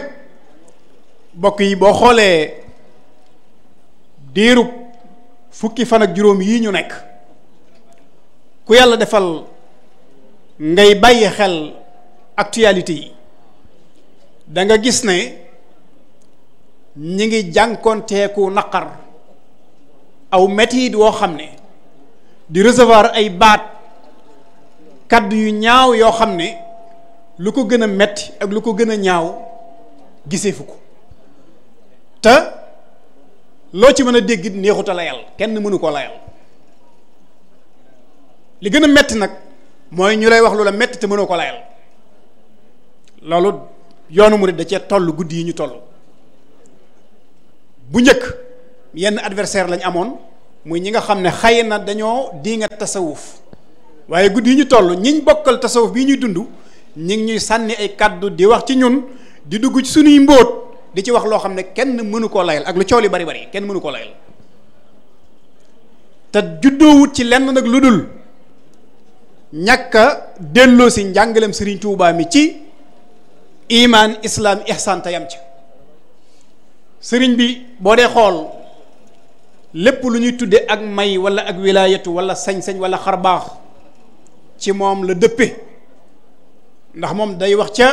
S6: mbokk yi boo xoolee diirub fukki fan ak juróom yii ñu nekk ku yàlla defal ngay bàyyi xel actualité yi da nga gis ne ñi ngi jànkoonteeku naqar aw metit woo xam ne di recevoir ay baat kàddu yu ñaaw yoo xam ne lu ko gën a metti ak lu ko gën a ñaaw gisee fu ko te loo ci mën a dégg neexuta layal kenn mënu koo layal li gën a metti nag mooy ñu lay wax lu la metti te mënoo ko layal loolu yoonu murid da cee toll guddi yi ñu toll bu njëkk yenn adversaire lañ amoon muy ñi nga xam ne xay na dañoo di nga tasawuf waaye guddi yi ñu toll ñiñ bokkal tasawuf bii ñuy dund ñi ngi ñuy sànni ay kàddu di wax ci ñun di dugg ci sunuy mbóot di ci wax loo xam ne kenn mënu koo layal ak lu coow li bari bari kenn mënu koo layal te juddoowut ci lenn nag lu dul ñàkk a delloo si njàngaleem Sëriñ Tuubaa mi ci imaan islaam ihsaan te yam ca sëriñ bi boo dee xool lépp lu ñuy tudde ak may wala ak wilaayatu wala sañ-sañ xar xarbaax ci moom la dëppe ndax moom day wax ca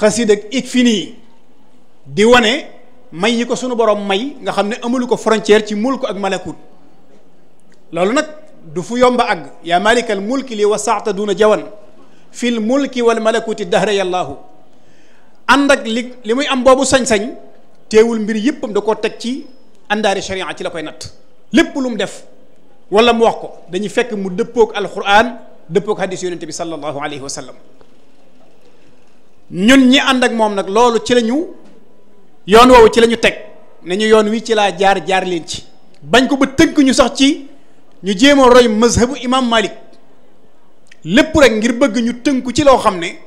S6: xasida ak ik fi nii di wane may yi ko sunu borom may nga xam ne amulu ko frontière ci mulk ak malakut loolu nag du fu yomba àgg yaa malikal mulki li wasaata duna jawan fil mulki wal malakuti dahra yallaahu ànd ak li li muy am boobu sañ-sañ teewul mbir yëppam da koo teg ci àndaari sharia ci la koy natt lépp lu mu def wala mu wax ko dañu fekk mu dëppook alquran dëppook hadis yonente bi sallallahu alayhi wa ñun ñi ànd ak moom nag loolu ci lañu yoon woowu ci lañu teg nañu yoon wi ci laa jaar jaar leen ci bañ ko ba tënk ñu sax ci ñu jéemoo a roy mazhabu imam Malik lépp rek ngir bëgg ñu tënku ci loo xam ne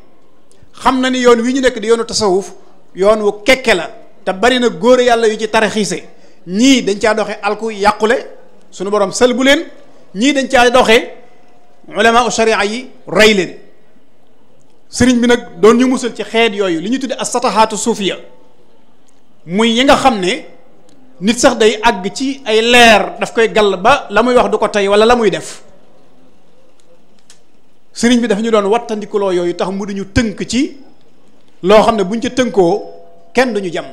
S6: xam na ni yoon wi ñu nekk di yoonu tasawuf yoon wu kekke la te bari na góor yàlla yu ci taraxiise ñii dañ caa doxe alku yàqule sunu borom sël bu leen ñii dañ caa doxe ulama u sharia yi roy leen sëriñ bi nag doon ñu musal ci xeet yooyu li ñu tudde as satahaatu suufiya muy yi nga xam ne nit sax day àgg ci ay leer daf koy gàll ba la muy wax du ko tey wala la muy def sëriñ bi dafa ñu doon wattandikuloo yooyu tax mu duñu tënk ci loo xam ne buñ ca tënkoo kenn duñu jam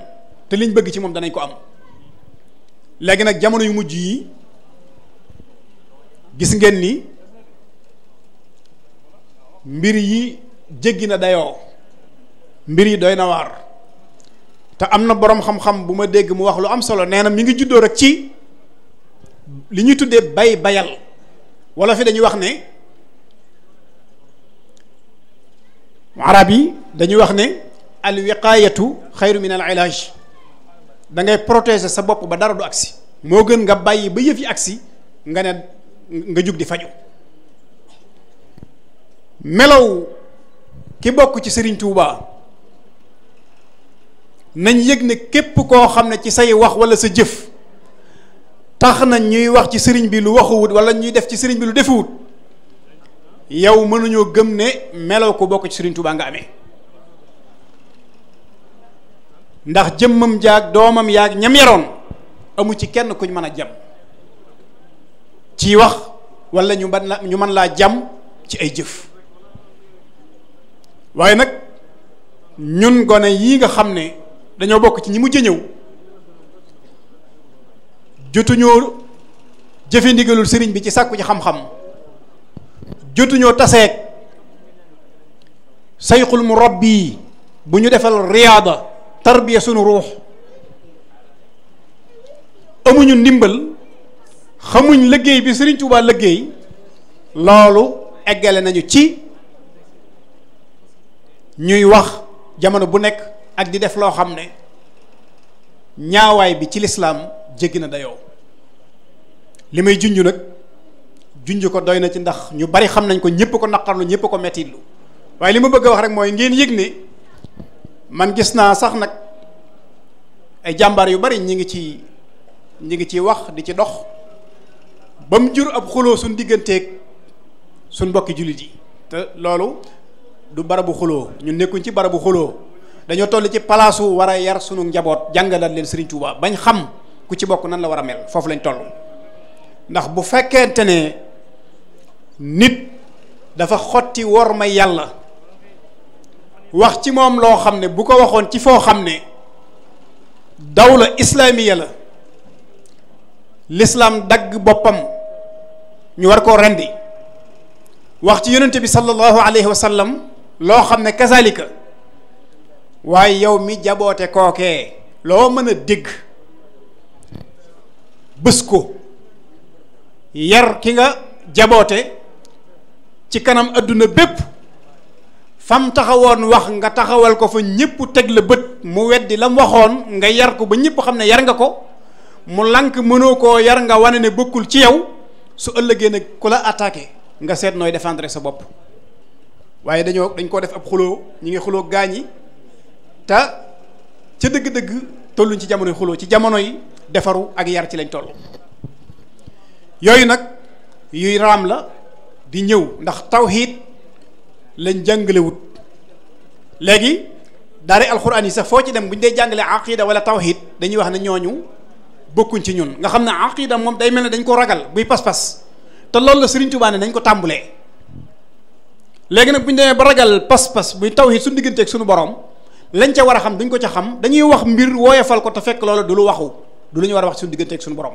S6: te liñ bëgg ci moom danañ ko am léegi nag jamono yu mujj yi gis ngeen ni mbir yi jéggi na dayoo mbir yi doy na waar te am na boroom xam-xam bu ma dégg mu wax lu am solo nee na mi ngi juddoo rek ci li ñuy tuddee bay bayal wala dañuy wax ne arab yi dañuy wax ne al wiqaayatu xayru min al ilaaj dangay ngay sa bopp ba dara du agsi moo gën nga bàyyi ba yëf yi agsi nga ne nga jug di faju melow ki bokk ci Serigne Touba nañ yëg ne képp koo xam ne ci say wax wala sa jëf tax nañ ñuy wax ci sëriñ bi lu waxuwut wala ñuy def ci sëriñ bi lu defuwut yow mënuñoo gëm ne meloo ko bokk ci Serigne Touba nga ame ndax jëmmam jaag doomam yaag ñam yaroon amu ci kenn kuñ mën a jam ci wax wala ñu mën laa jam ci ay jëf. waaye nag ñun gone yii nga xam ne dañoo bokk ci ñi mujj ñëw jotuñoo jëfe ndigalul sëriñ bi ci sàkku ci xam-xam jotuñoo taseeg sayxul mu rabbi bu ñu defal riyaada tarbiya sunu ruux amuñu ndimbal xamuñ liggéey bi sëriñ Tuubaa liggéey loolu eggale nañu ci ñuy wax jamono bu nekk ak di def loo xam ne ñaawaay bi ci lislaam jéggi na dayoo li may junj nag junj ko doy na ci ndax ñu bari xam nañ ko ñëpp ko naqarlu ñëpp ko mettitlu waaye li ma bëgg a wax rek mooy ngeen yëg ni man gis naa sax nag ay jàmbaar yu bari ñu ngi ci ñu ngi ciy wax di ci dox ba mu jur ab xuloo suñ digganteeg suñ mbokki jullit yi te loolu du barabu xuloo ñun nekkuñ ci barabu xuloo dañoo toll ci palaasu war a yar sunu njaboot jàngalal leen Serigne Touba bañ xam ku ci bokk nan la war a mel foofu lañ toll ndax bu fekkente ne nit dafa xotti wor may yàlla wax ci moom loo xam ne bu ko waxoon ci foo xam ne daw dawla islaamiya la l'islam dagg boppam ñu war koo rendi wax ci yonente bi sallallahu alayhi wa sallam loo xam ne kasalika waaye yow mi jaboote kookee loo mën a dégg bés ko yar ki nga jaboote ci kanam adduna bépp fam taxawoon wax nga taxawal ko fa ñëpp teg la bët mu weddi la mu waxoon nga yar ko ba ñëpp xam ne yar nga ko mu lànk mënoo koo yar nga wane ne bokkul ci yow su ëllëgee nag ku la attaqué nga seet nooy défendre sa bopp waaye dañoo dañ koo def ab xuloo ñu ngi xuloo gaañi te ca dëgg-dëgg tolluñ ci jamonoy xuloo ci jamono yi defaru ak yar ci lañ toll yooyu nag yuy raam la di ñëw ndax tawxiid lañ jàngalewut léegi daare alxuraan yi sax foo ci dem bu ñu dee jàngale aqida wala tawxiid dañuy wax ne ñooñu bokkuñ ci ñun nga xam ne aqida moom day mel ne dañ ko ragal buy pas-pas te loolu la Sëriñ Tuubaa ne nañ ko tàmbulee léegi nag bu ñu demee ba ragal pas-pas buy tawhid suñu diggante ak suñu borom lañ ca war a xam duñ ko ca xam dañuy wax mbir wooyefal ko te fekk loolu du lu waxu du lu ñu war a wax suñu diggante ak suñu borom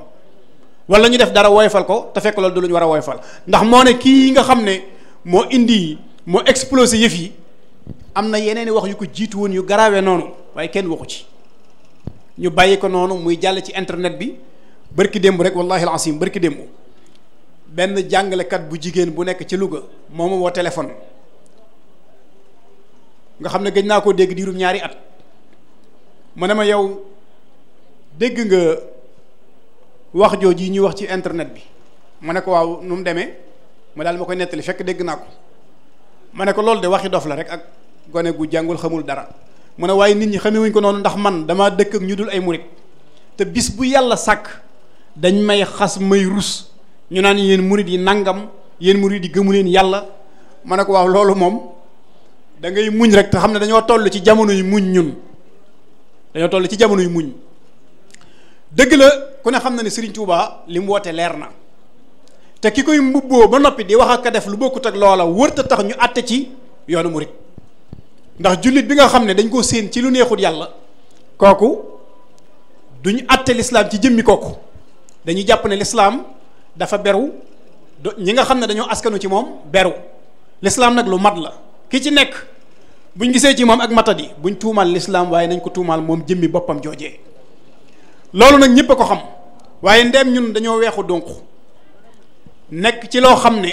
S6: wala ñu def dara wooyefal ko te fekk loolu du lu ñu war a wooyefal ndax moo ne kii nga xam ne moo indi moo explosé yëf yi am na yeneen wax yu ko jiitu woon yu garaawee noonu waaye kenn waxu ci ñu bàyyi ko noonu muy jàll ci internet bi barki démb rek wallahi alazim barki démb. benn jàngalekat bu jigéen bu nekk ci Louga moo ma woo téléphone nga xam ne gëj naa koo dégg diirum ñaari at mu ne ma yow dégg nga wax jooju yi ñuy wax ci internet bi ma ne ko waaw nu mu demee ma daal ma koy nettali fekk dégg naa ko ma ne ko loolu de waxi dof la rek ak gone gu jàngul xamul dara mu ne waaye nit ñi xamewuñ ko noonu ndax man damaa dëkk ak ñu dul ay murit te bis bu yàlla sàkk dañ may xas may rus ñu naan yéen murit yi nangam yéen murid yi gëmu leen yàlla ma ne ko waaw loolu moom da ngay muñ rek te xam ne dañoo toll ci jamono yu muñ ñun dañoo toll ci jamono yu muñ dëgg la ku ne xam na ne Serigne Touba li mu woote leer na te ki koy mbubboo ba noppi di wax ak a def lu bokkut ak loola wërta tax ñu àtte ci yoonu murid ndax jullit bi nga xam ne dañ ko séen ci lu neexut yàlla kooku duñu àtte lislaam ci jëmmi kooku dañuy jàpp ne lislaam dafa beru ñi nga xam ne dañoo askanu ci moom beru lislaam nag lu mat la ki ci nekk buñ gisee ci moom ak matadi buñ tuumaal lislaam waaye nañ ko tuumaal moom jëmmi boppam joojee loolu nag ñëpp a ko xam waaye ndeem ñun dañoo weexu donc nekk ci loo xam ne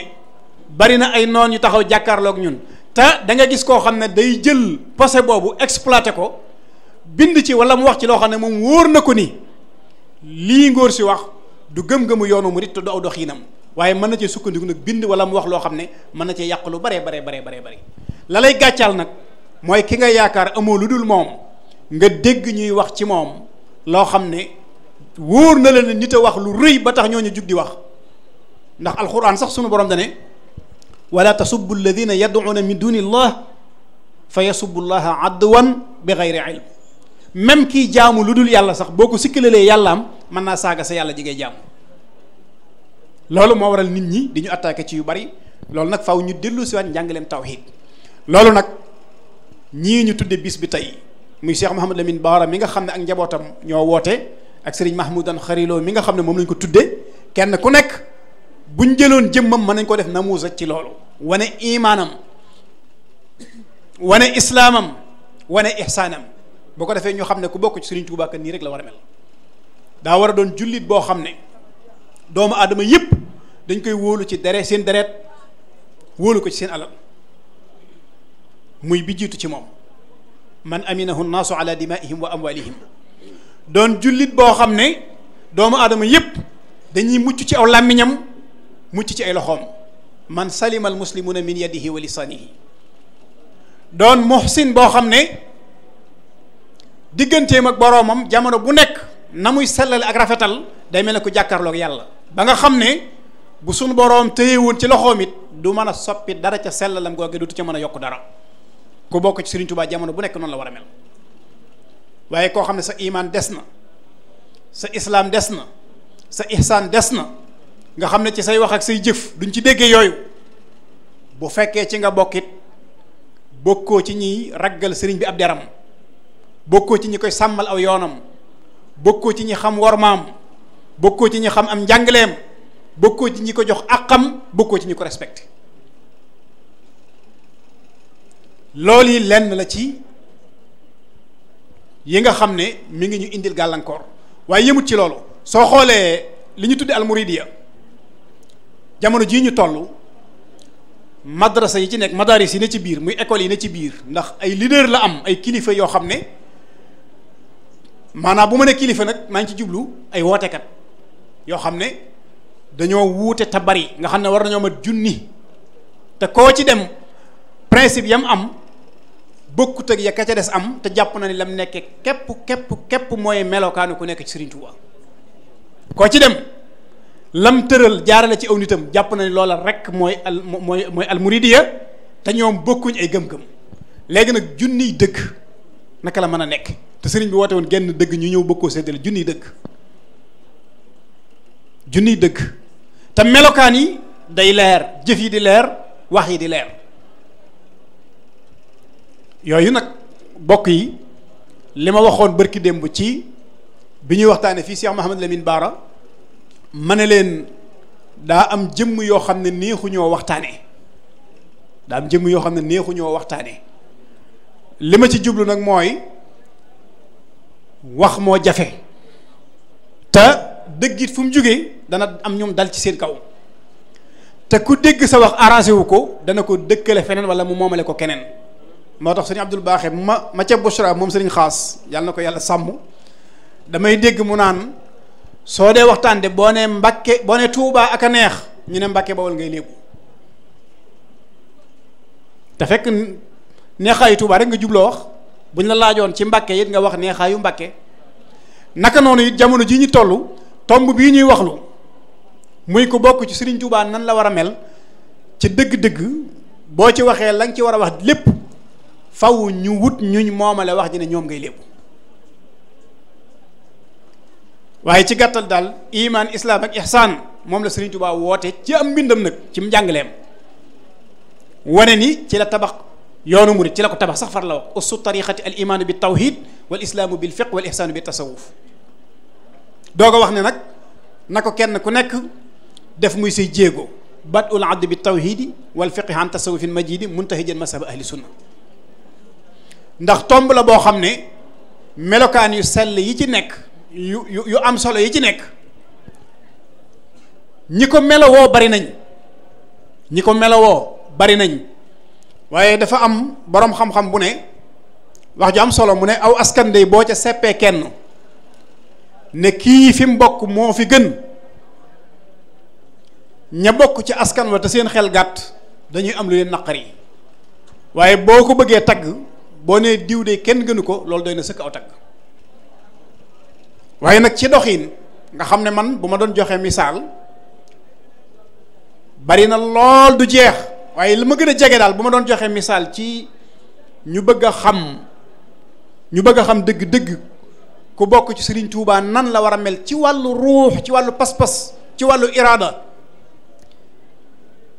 S6: bari na ay noon yu taxaw jàkkaarlook ñun te danga gis koo xam ne day jël posé boobu exploité ko bind ci wala mu wax ci loo xam ne moom wóor na ko ni lii ngóor si wax du gëm-gëmu yoonu murit te du aw doxiinam waaye mën na cee sukkandiku nag bind wala mu wax loo xam ne mën na cee yàq lu bare bare bare bare bare la lay gàccaal nag mooy ki nga yaakaar amoo lu dul moom nga dégg ñuy wax ci moom loo xam ne wóor na la ne nit a wax lu rëy ba tax ñoo ñooñu jug di wax ndax alxuraan sax sunu borom dane wala tasubbu alladina yad'una min duni llah fa yasubbu llaha adwan bi gayri ilm même kii jaamu lu dul yàlla sax boo ko sikkalalee yàllaam mën naa saaga sa yàlla ji jàmm loolu moo waral nit ñi di ñu attaqué ci yu bari loolu nag faw ñu dellu si waat njàngaleem tawxiid loolu nag ñii ñu tudde bis bi tey muy Cheikh Mouhamadou Lamine Baara mi nga xam ne ak njabootam ñoo woote ak Serigne Mahmoudan Xarilo mi nga xam ne moom lañ ko tuddee kenn ku nekk buñ jëloon jëmmam mën nañ ko def namuusa ci loolu wane imaanam wane islaamam wane ihsaanam boo ko defee ñoo xam ne ku bokk ci Serigne Touba kan nii rek la war a mel daa war a doon jullit boo xam ne doomu aadama yépp dañ koy wóolu ci deret seen deret wóolu ko ci seen alal muy bi jiitu ci moom man aminahu nnaasu ala dimaihim wa amwalihim doon jullit boo xam ne doomu aadama yépp dañuy mucc ci aw làmmiñam mucc ci ay loxoom man salimal al muslimuna min yadihi wa lisanihi doon muhsin boo xam ne digganteem ak boroomam jamono bu nekk na muy sellale ak rafetal day mel ne ku jàkkaarloog yàlla ba nga xam ne bu suñu boroom téyewoon ci loxoom it du mën a soppi dara ca sellalam googe dutu ca mën a yokk dara ku bokk ci Serigne Touba jamono bu nekk noonu la war a mel waaye koo xam ne sa imaan des na sa islaam des na sa ihsaan des na nga xam ne ci say wax ak say jëf duñ ci déggee yooyu bu fekkee ci nga bokkit bokkoo ci ñiy raggal sëriñ bi ab deram bokkoo ci ñi koy sàmmal aw yoonam bokkoo ci ñi xam war wormaam bokkoo ci ñi xam am njàngaleem bokkoo ci ñi ko jox àqam bokkoo ci ñi ko respecté loolu yi lenn la ci yi nga xam ne mu ngi ñu indil gàllankoor waaye yëmut ci loolu soo xoolee li ñu tuddi almuridiya jamono jii ñu toll madrasa yi ci nekk madaris yi ne ci biir muy école yi ne ci biir ndax ay leader la am ay kilifa yoo xam ne maanaam bu ma ne kilifa nag maa ngi ci jublu ay wootekat yoo xam ne dañoo wuute te bari nga xam ne war nañoo mat junni te koo ci dem principe yam am bokkut ak ya ka ca des am te jàpp na ni lam nekkee képp képp képp mooy melokaanu ku nekk ci Serigne Touba koo ci dem lam tëral jaarale ci aw nitam jàpp na ni loola rek mooy al mooy mooy ya te ñoom bokkuñ ay gëm-gëm léegi nag junniy dëkk naka la mën a nekk. te sëriñ bi woote woon genn dëgg ñu ñëw bëgg koo séddale junniy dëgg junniy dëgg te melokaan yi day leer jëf yi di leer wax yi di leer yooyu nag bokk yi li ma waxoon bërki démb ci bi ñuy waxtaane fii Cheikh Mouhamadou Lamine Bara ma ne leen daa am jëmm yoo xam ne neexuñoo waxtaane daa am jëmm yoo xam ne neexuñoo waxtaane li ma ci jublu nag mooy wax moo jafe te dëgg it fu mu jógee dana am ñoom dal ci seen kaw te ku dégg sa wax arrangé wu ko dana ko dëkkale feneen wala mu moomale ko keneen moo tax sëriñ Abdul Baaxe ma ma ca Bushra moom sëriñ Xaas yàlla na ko yàlla sàmm damay dégg mu naan soo dee waxtaan de boo nee Mbàkke boo ne Tuubaa ak a neex ñu ne Mbàkke Bawol ngay léebu te fekk neexaayu Tuubaa rek nga jubloo wax buñ la laajoon ci mbakke it nga wax neexaayu mbàkke naka noonu it jamono ji ñu toll tomb bii ñuy waxlu muy ko bokk ci Serigne Touba nan la war a mel ci dëgg-dëgg boo ci waxee la nga ci war a wax lépp fawu ñu wut ñuñ moomale wax ji ne ñoom ngay lépp waaye ci gàttal daal iman islaam ak ihsaan moom la Serigne Touba woote ci am mbindam nag ci mu njàngaleem wane ni ci la tabax yoonu murid ci la ko tabax sax far la wax ussu tariqati al imaanu bi tawhid wal islaamu bil fiq wal ihsaanu bi tasawuf doog a wax ne nag na ko kenn ku nekk def muy say jéego bad ul abdi bi tawhidi wal fiqi an tasawufin majidi muntahijan masaba ahli sunna ndax tomb la boo xam ne melokaan yu sell yi ci nekk yu yu yu am solo yi ci nekk ñi ko melowoo bari nañ ñi ko melowoo bari nañ waaye dafa am boroom xam-xam bu ne wax ju am solo mu ne aw askan day boo ca seppee kenn ne kii fi mu bokk moo fi gën ña bokk ci askan wa te seen xel gàtt dañuy am lu leen naqari waaye boo ko bëggee tagg boo nee diw de kenn gënu ko loolu doy na sëkk aw tagg waaye nag ci doxin nga xam ne man bu ma doon joxe misaal bari na lool du jeex waaye li ma gën a jege daal bu ma doon joxe misaal ci ñu bëgg a xam ñu bëgg a xam dëgg-dëgg ku bokk ci sëriñ Touba nan la war a mel ci wàllu ruux ci wàllu pas-pas ci wàllu iraada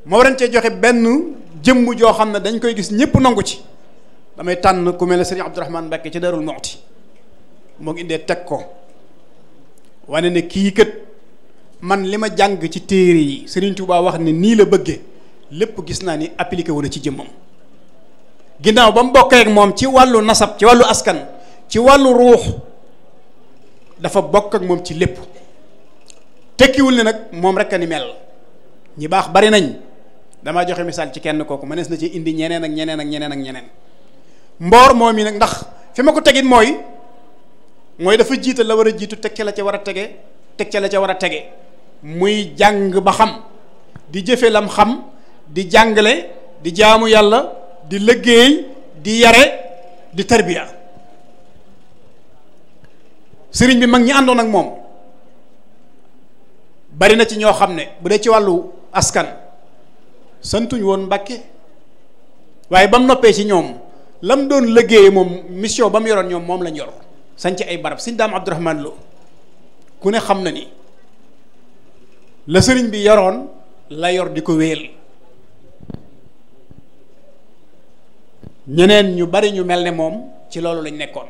S6: ma waran cee joxe benn jëmm joo xam ne dañ koy gis ñëpp nangu ci damay tànn ku mel ne Serigne Abdourahmane Mbacké ci Darou Moukhty moo ngi indee teg ko wane ne kii kët man li ma jàng ci téere yi Serigne Touba wax ni nii la bëggee. lépp gis naa ni appliqué wu ci jëmmam ginnaaw ba mu bokkee ak moom ci wàllu nasab ci wàllu askan ci wàllu ruux dafa bokk ak moom ci lépp tekkiwul ne nag moom rek a ni mel ñi baax bari nañ damaa joxe misaal ci kenn kooku mënees na ci indi ñeneen ak ñeneen ak ñeneen ak ñeneen mboor moom yi nag ndax fi ma ko tegit mooy mooy dafa jiital la war a jiitu teg ca la ca war a tege teg ca la ca war a tege muy jàng ba xam di jëfe lam xam di jàngale di jaamu yàlla di liggéey di yare di tarbiya sëriñ bi mag ñi àndoon ak moom bari na ci ñoo xam ne bu dee ci wàllu askan santuñ woon Mbàkke waaye ba mu noppee ci ñoom la doon liggéey moom mission ba mu yoroon ñoom moom lañ yor ci ay barab sëñ daam Abdourahmane Lo ku ne xam na ni la sëriñ bi yoroon la yor di ko wéel ñeneen ñu bari ñu mel ne moom ci loolu lañ nekkoon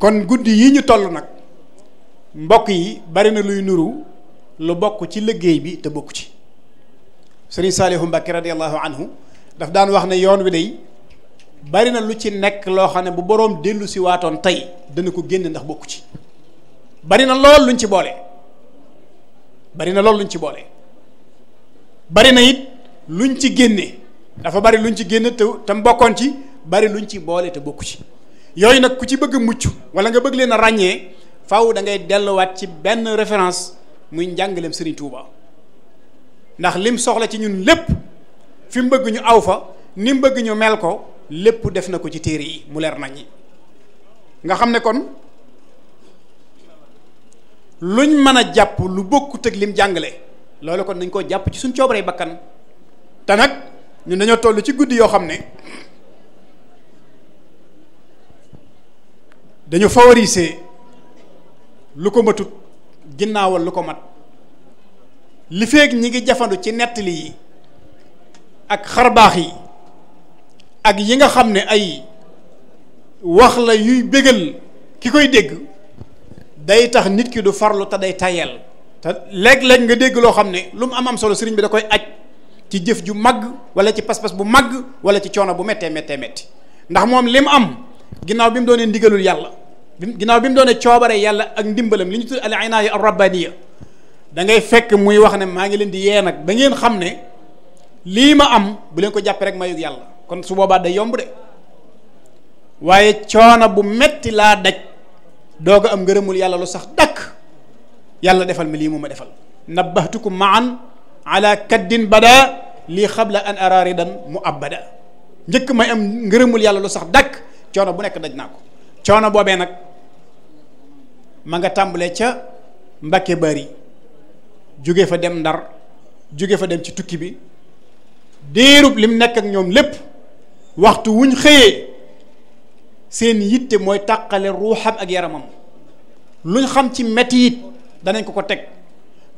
S6: kon guddi yi ñu toll nag mbokk yi bari na luy nuru lu bokk ci liggéey bi te bokk ci sëriñ Saalihu Mbàkke radiyallahu anhu daf daan wax ne yoon wi day bari na lu ci nekk loo xam ne bu boroom dellu si waatoon tey dina ko génn ndax bokku ci bari na lool luñ ci boole bari na lool luñ ci boole bari na it luñ ci génne dafa bari luñ ci génn te tam bokkoon ci bari luñ ci boole te bokku ci yooyu nag ku ci bëgg mucc wala nga bëgg leen a ràññee faw dangay ngay delluwaat ci benn référence muy njàngaleem Serigne Touba ndax lim soxla ci ñun lépp fi mu bëgg ñu aw fa ni mu bëgg ñu mel ko lépp def na ko ci téere yi mu leer naññi nga xam ne kon luñ mën a jàpp lu bokkut ak lim jàngale loolu kon nañ koo jàpp ci suñ coobaree bakkan te ñu dañoo toll ci guddi yoo xam ne dañu favoriser lu ko matut ginnaawal lu ko mat li feeg ñi ngi jafandu ci nettali yi ak xarbaax yi ak yi nga xam ne ay wax la yuy bégal ki koy dégg day tax nit ki du farlu te day tayel te léeg-léeg nga dégg loo xam ne lu mu am am solo sëriñ bi da koy aj ci jëf ju màgg wala ci pas-pas bu màgg wala ci coono bu méttee méttee métti ndax moom li mu am ginnaaw bi mu doonee ndigalul yàlla ginnaaw bi mu doonee coobare yàlla ak ndimbalam li ñu tudd al inaaya ar rabbaniya da ngay fekk muy wax ne maa ngi leen di yee nag ba ngeen xam ne lii ma am bu leen ko jàppee rek mayug yàlla kon su boobaa day yomb de waaye coono bu metti laa daj doo ko am ngërëmul yàlla lu sax dakk yàlla defal mi lii mu ma defal nabbahtukum ala kaddin bada lii xabla an araridan mu ab abada njëkk may am ngërëmul yàlla lu sax dàkk coono bu nekk daj naa ko coono boobee nag ma nga tàmbalee ca Mbàkke Bari jóge fa dem Ndar jóge fa dem ci tukki bi déerub lim nekk ak ñoom lépp waxtu wuñ xëyee seen yitte mooy tàqale ruuxam ak yaramam luñ xam ci metti danañ ko ko teg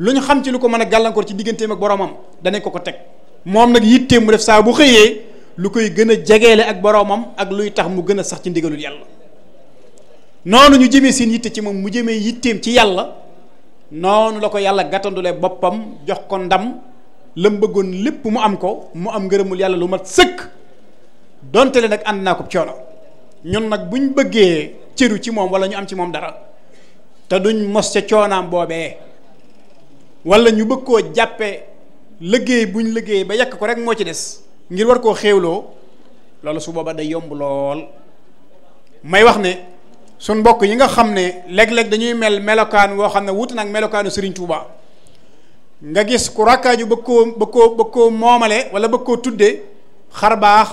S6: lu ñu xam ci lu ko mën a gàllankoor ci digganteem ak boromam danañ ko ko teg moom nag yitteem mu def saa bu xëyee lu koy gën a jegeele ak boroomam ak luy tax mu gën a sax ci ndigalul yàlla noonu ñu jëmee seen yitte ci moom mu jëmee yitteem ci yàlla noonu la ko yàlla gàttandule boppam jox ko ndam la mu bëggoon lépp mu am ko mu am ngërëmul yàlla lu mat sëkk donte nag ànd naa ko coono ñun nag buñ bëggee cëru ci moom wala ñu am ci moom dara te duñ mos boobee. wala ñu bëgg koo jàppee liggéey bu ñu liggéey ba yàq ko rek moo ci des ngir war koo xéewloo loolu su booba day yomb lool may wax ne sun mbokk yi nga xam ne léeg-léeg dañuy mel melokaan woo xam ne wuute nag melokaanu Serigne Touba nga gis ku rakkaaju bëgg koo bëgg koo bëgg koo moomale wala bëgg koo tudde xar baax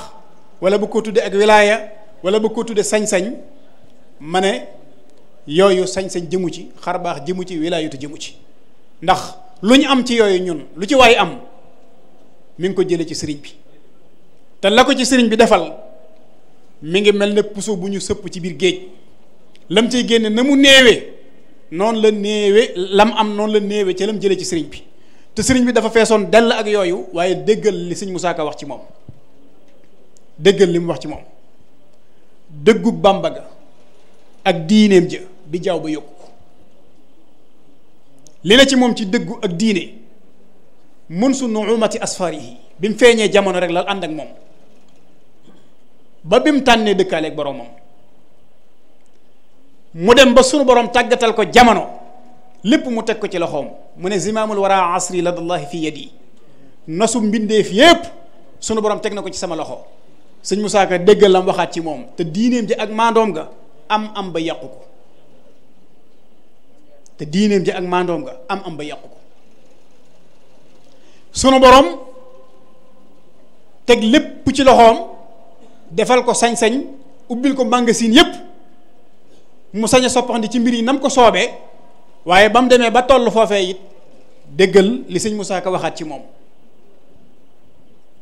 S6: wala bëgg koo tudde ak wilaaya wala bëgg koo tudde sañ-sañ ma ne yooyu sañ-sañ jëmu ci xar baax jëmu ci wilaayatu jëmu ci ndax lu ñu am ci yooyu ñun lu ci waay am mi ngi ko jëlee ci sëriñ bi te la ko ci sëriñ bi defal mi ngi mel ne puso bu ñu sëpp ci biir géej lam ciy génne na mu néewee noonu la néewee lam am noonu la néewee ca lam jëlee ci sëriñ bi te sëriñ bi dafa feesoon dell ak yooyu waaye déggal li sëñ mu Ka wax ci moom déggal li mu wax ci moom dëggug Bàmba ak diineem ja bi jaww ba yóbbu li na ci moom ci dëggu ak diine mën su nuumati yi bi mu feeñee jamono rek lal ànd ak moom ba bi mu tànnee dëkkaaleeg boromam mu dem ba sunu borom tàggatal ko jamono lépp mu teg ko ci loxoom mu ne zimaamul wara asri ladallahi fi yadi nosu mbindeef yépp sunu borom teg na ko ci sama loxo suñ Musaa Ka déggal la mu waxaat ci moom te diineem ji ak maandoom ga am am ba yàqu ko te diineem ji ak maandoom nga am am ba yàqu ko sunu borom teg lépp ci loxoom defal ko sañ-sañ ubbil ko magasin yépp mu sañ a soppandi ci mbir yi nam ko soobee waaye ba mu demee ba toll foofee it déggal li sañ Moussa Ka waxaat ci moom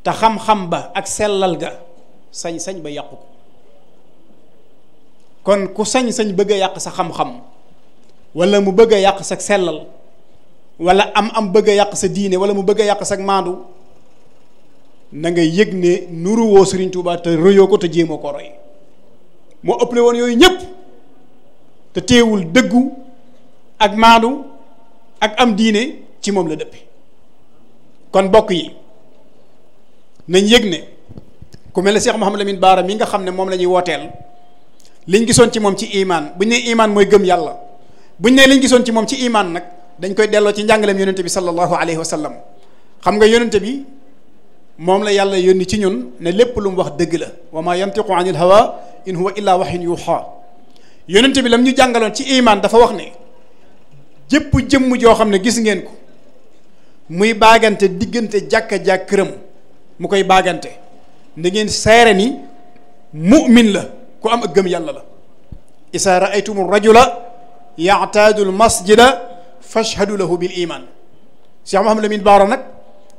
S6: te xam-xam ba ak sellal ga sañ-sañ ba yàqu ko kon ku sañ-sañ bëgg a yàq sa xam-xam wala mu bëgg yàq sa sellal wala am am bëgg yàq sa diine wala mu bëgg yàq sa maandu na nga yëg ne nuruwoo Sëriñ Tuubaa te royoo ko te jéemoo ko roy moo ëpple woon yooyu ñépp te teewul dëggu ak maandu ak am diine ci moom la dëppe kon bokk yi nañ yëg ne ku mel ne Cheikh Mouhamadou Lamine Baara mi nga xam ne moom lañuy ñuy wooteel liñ gisoon ci moom ci imaan bu ñu ne imaan mooy gëm yàlla bu ñu ne liñ gisoon ci moom ci imaan nag dañ koy delloo ci njàngaleem yonente bi sallallahu alayhi wa sallam xam nga yonente bi moom la yàlla yónni ci ñun ne lépp lu mu wax dëgg la wa ma yantiqu anil hawa in huwa illa waxyun yuuxa yonente bi lam ñu jàngaloon ci imaan dafa wax ne jëpp jëmm joo xam ne gis ngeen ko muy baagante diggante jàkka jàkk këram mu koy baagante da ngeen seere ni mu'min la ku am ak gëm yàlla la isaa raaytumu rajula yaxtaaju lmasjida fashhadu lahu bil iman Cheikh Mouhamed Lamine Baara nag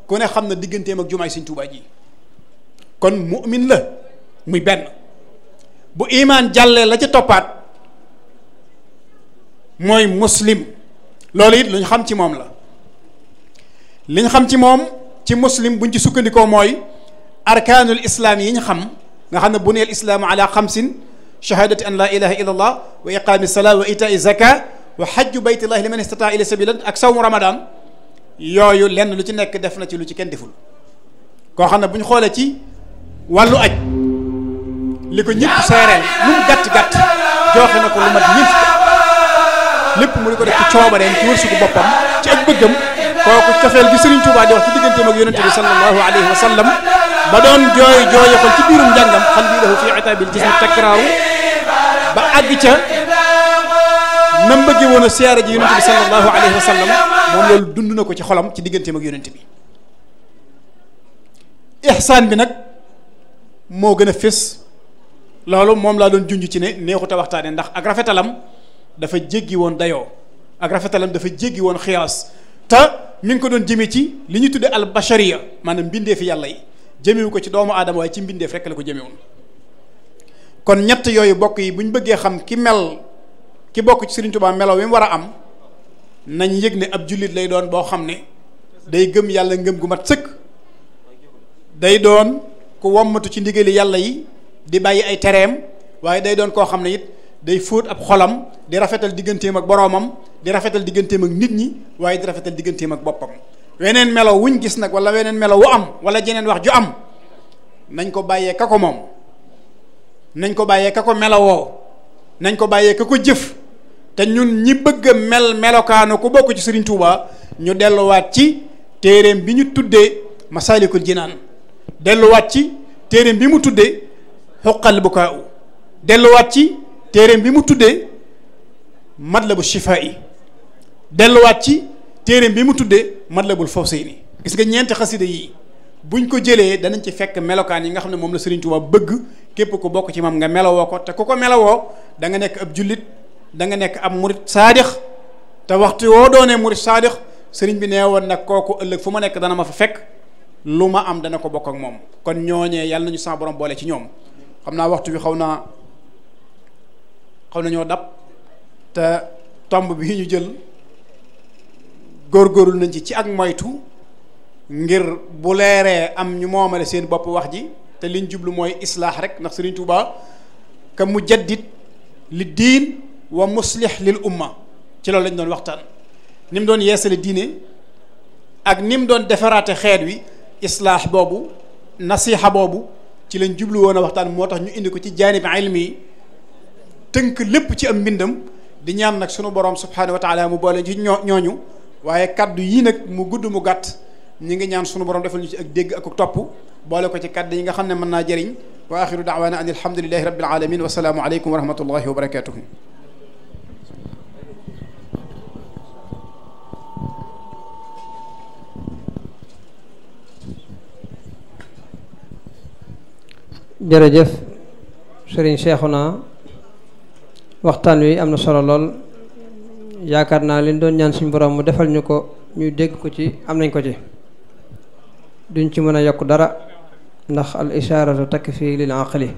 S6: ku ne xam na digganteem ak jumaay Sëñ Tuubaa ji kon mu'min la muy benn bu imaan jàllee la ci toppaat mooy muslim loolu it lu xam ci moom la li xam ci moom ci muslim bu ñu ci sukkandikoo mooy arkaanul islaam yi ñu xam nga xam ne bu neel islaamu ala xamsin shahadati an la ilaha illa allah wa iqaami salaa wa itai zaka wa hajju baytillahi liman a ila sabilan ak sawmu ramadan yooyu lenn lu ci nekk def na ci lu ci kenn deful koo xam ne bu ñu xoolee ci wàllu aj li ko ñëpp seereel lu ko lu mat ñëpp lépp mu di ko def ci coobareem ci wërsëgu boppam ci ak bëggam kooku cofeel gi Serigne Touba di wax ci digganteem ak yonente bi sallallahu alayhi wa ba doon jooy jooyakal ci biirum njàngam xal bii lahu fi itaabil jismi ba àgg ca nam bëgge woon a siyaare ji yonente bi sallallahu alayhi moom loolu dund na ko ci xolam ci digganteem ak yonente bi ihsaan bi nag moo gën a fés loolu moom laa doon junj ci ne neexut a waxtaane ndax ak rafetalam dafa jéggi woon dayoo ak rafetalam dafa jéggi woon xiyaas te mi ngi ko doon jëmee ci li ñu tuddee al bashariya maanaam mbindeefi yàlla yi jëmewu ko ci doomu aadama waaye ci mbindeef rek la ko jëmewoon kon ñett yooyu bokk yi bu ñu bëggee xam ki mel ki bokk ci Serigne Touba melaw wi mu war a am nañ yëg ne ab jullit lay doon boo xam ne day gëm yàlla ngëm gu mat sëkk day doon ku wommatu ci ndigali yàlla yi di bàyyi ay tereem waaye day doon koo xam ne it day fóot ab xolam di rafetal digganteem ak boroomam di rafetal digganteem ak nit ñi waaye di rafetal digganteem ak boppam weneen melo wuñ gis nag wala weneen melo wu am wala jeneen wax ju am nañ ko bàyyee ka moom nañ ko bàyyee ka ko melawoo nañ ko bàyyee ka ko jëf te ñun ñi bëgg mel melokaanu ku bokk ci Serigne Touba ñu delluwaat ci téereem bi ñu tuddee Masaalikul Jinaan delluwaat ci téereem bi mu tuddee Huqqal Bukaaw delluwaat ci téereem bi mu tuddee Matlabu Shifaa'i delluwaat ci téereem bi mu tuddee Matlabul Fawsayni gis nga ñeenti xasida yi buñ ko jëlee danañ ci fekk melokaan yi nga xam ne moom la Serigne Touba bëgg. képp ko bokk ci moom nga melowoo ko te ku ko melowoo da nga nekk ab jullit da nga nekk ab murit saadix te waxtu woo doonee murit saadix sëriñ bi nee woon nag kooku ëllëg fu ma nekk dana ma fa fekk lu ma am dana ko bokk ak moom kon ñooñee yàlla nañu sama borom boole ci ñoom xam naa waxtu wi xaw naa xaw nañoo dab te tomb bi ñu jël góor góorgóorlu nañ ci ci ak moytu ngir bu leeree am ñu moomale seen bopp wax ji te liñ jublu mooy islaax rek ndax Sëriñ Tuuba ka mujaddid li diin wa muslih lil umma ci loolu lañ doon waxtaan ni mu doon yeesale diine ak ni mu doon defaraate xeer wi islaax boobu nasiixa boobu ci lañ jublu woon a waxtaan moo tax ñu indi ko ci jaanib ilmi yi tënk lépp ci am mbindam di ñaan nag sunu borom subhaanahu wa mu boole ci ñoo ñooñu waaye kàddu yii nag mu gudd mu gàtt ñi ngi ñaan sunu borom defal ñu ci ak dégg ak topp boole ci kàddu yi nga xam ne mën naa jëriñ wa axiru daawaana an alhamdulilahi rabbil alamin wa salaamu aleykum wa rahmatullahi wa barakatuhu
S3: jërëjëf sëriñ Seexuna waxtaan wi am na solo lool yaakaar naa liñ doon ñaan suñu borom mu defal ñu ko ñu dégg ko ci am nañ ko ci duñ ci mën a yokk dara ndax al takk fii lil aqli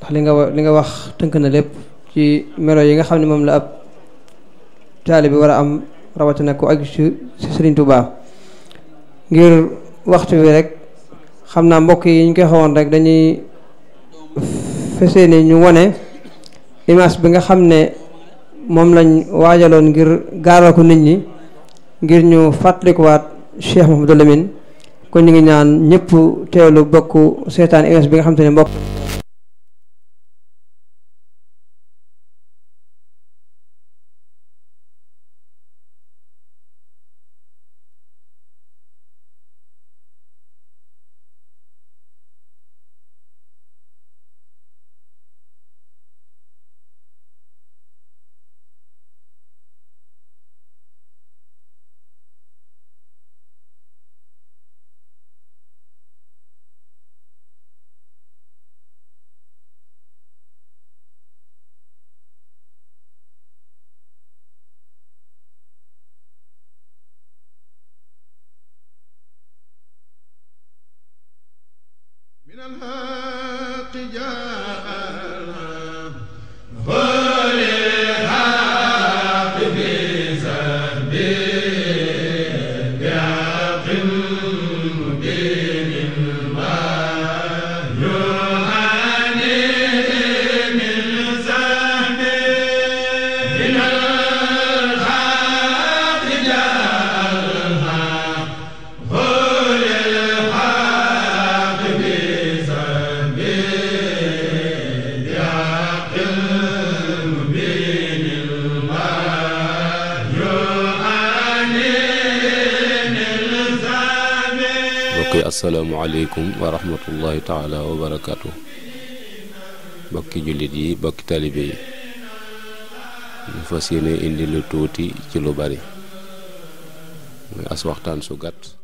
S3: ndax li nga li nga wax tënk na lépp ci melo yi nga xam ne moom la ab bi war a am rawatina ku aju ci Sëriñ Tuubaa ngir waxtu wi rek xam naa mbokk yi ñu koy xawoon rek dañuy fesee ni ñu wone image bi nga xam ne moom lañ waajaloon ngir gaaral ko nit ñi ngir ñu fàttalikuwaat Cheikh Mouhamadou Lamine kon ñu ngi ñaan ñëpp teelu bokk seetaan EMS bi nga xam te ne mbokk
S7: fas yéene tuuti ci lu bari muy as waxtaan su gàtt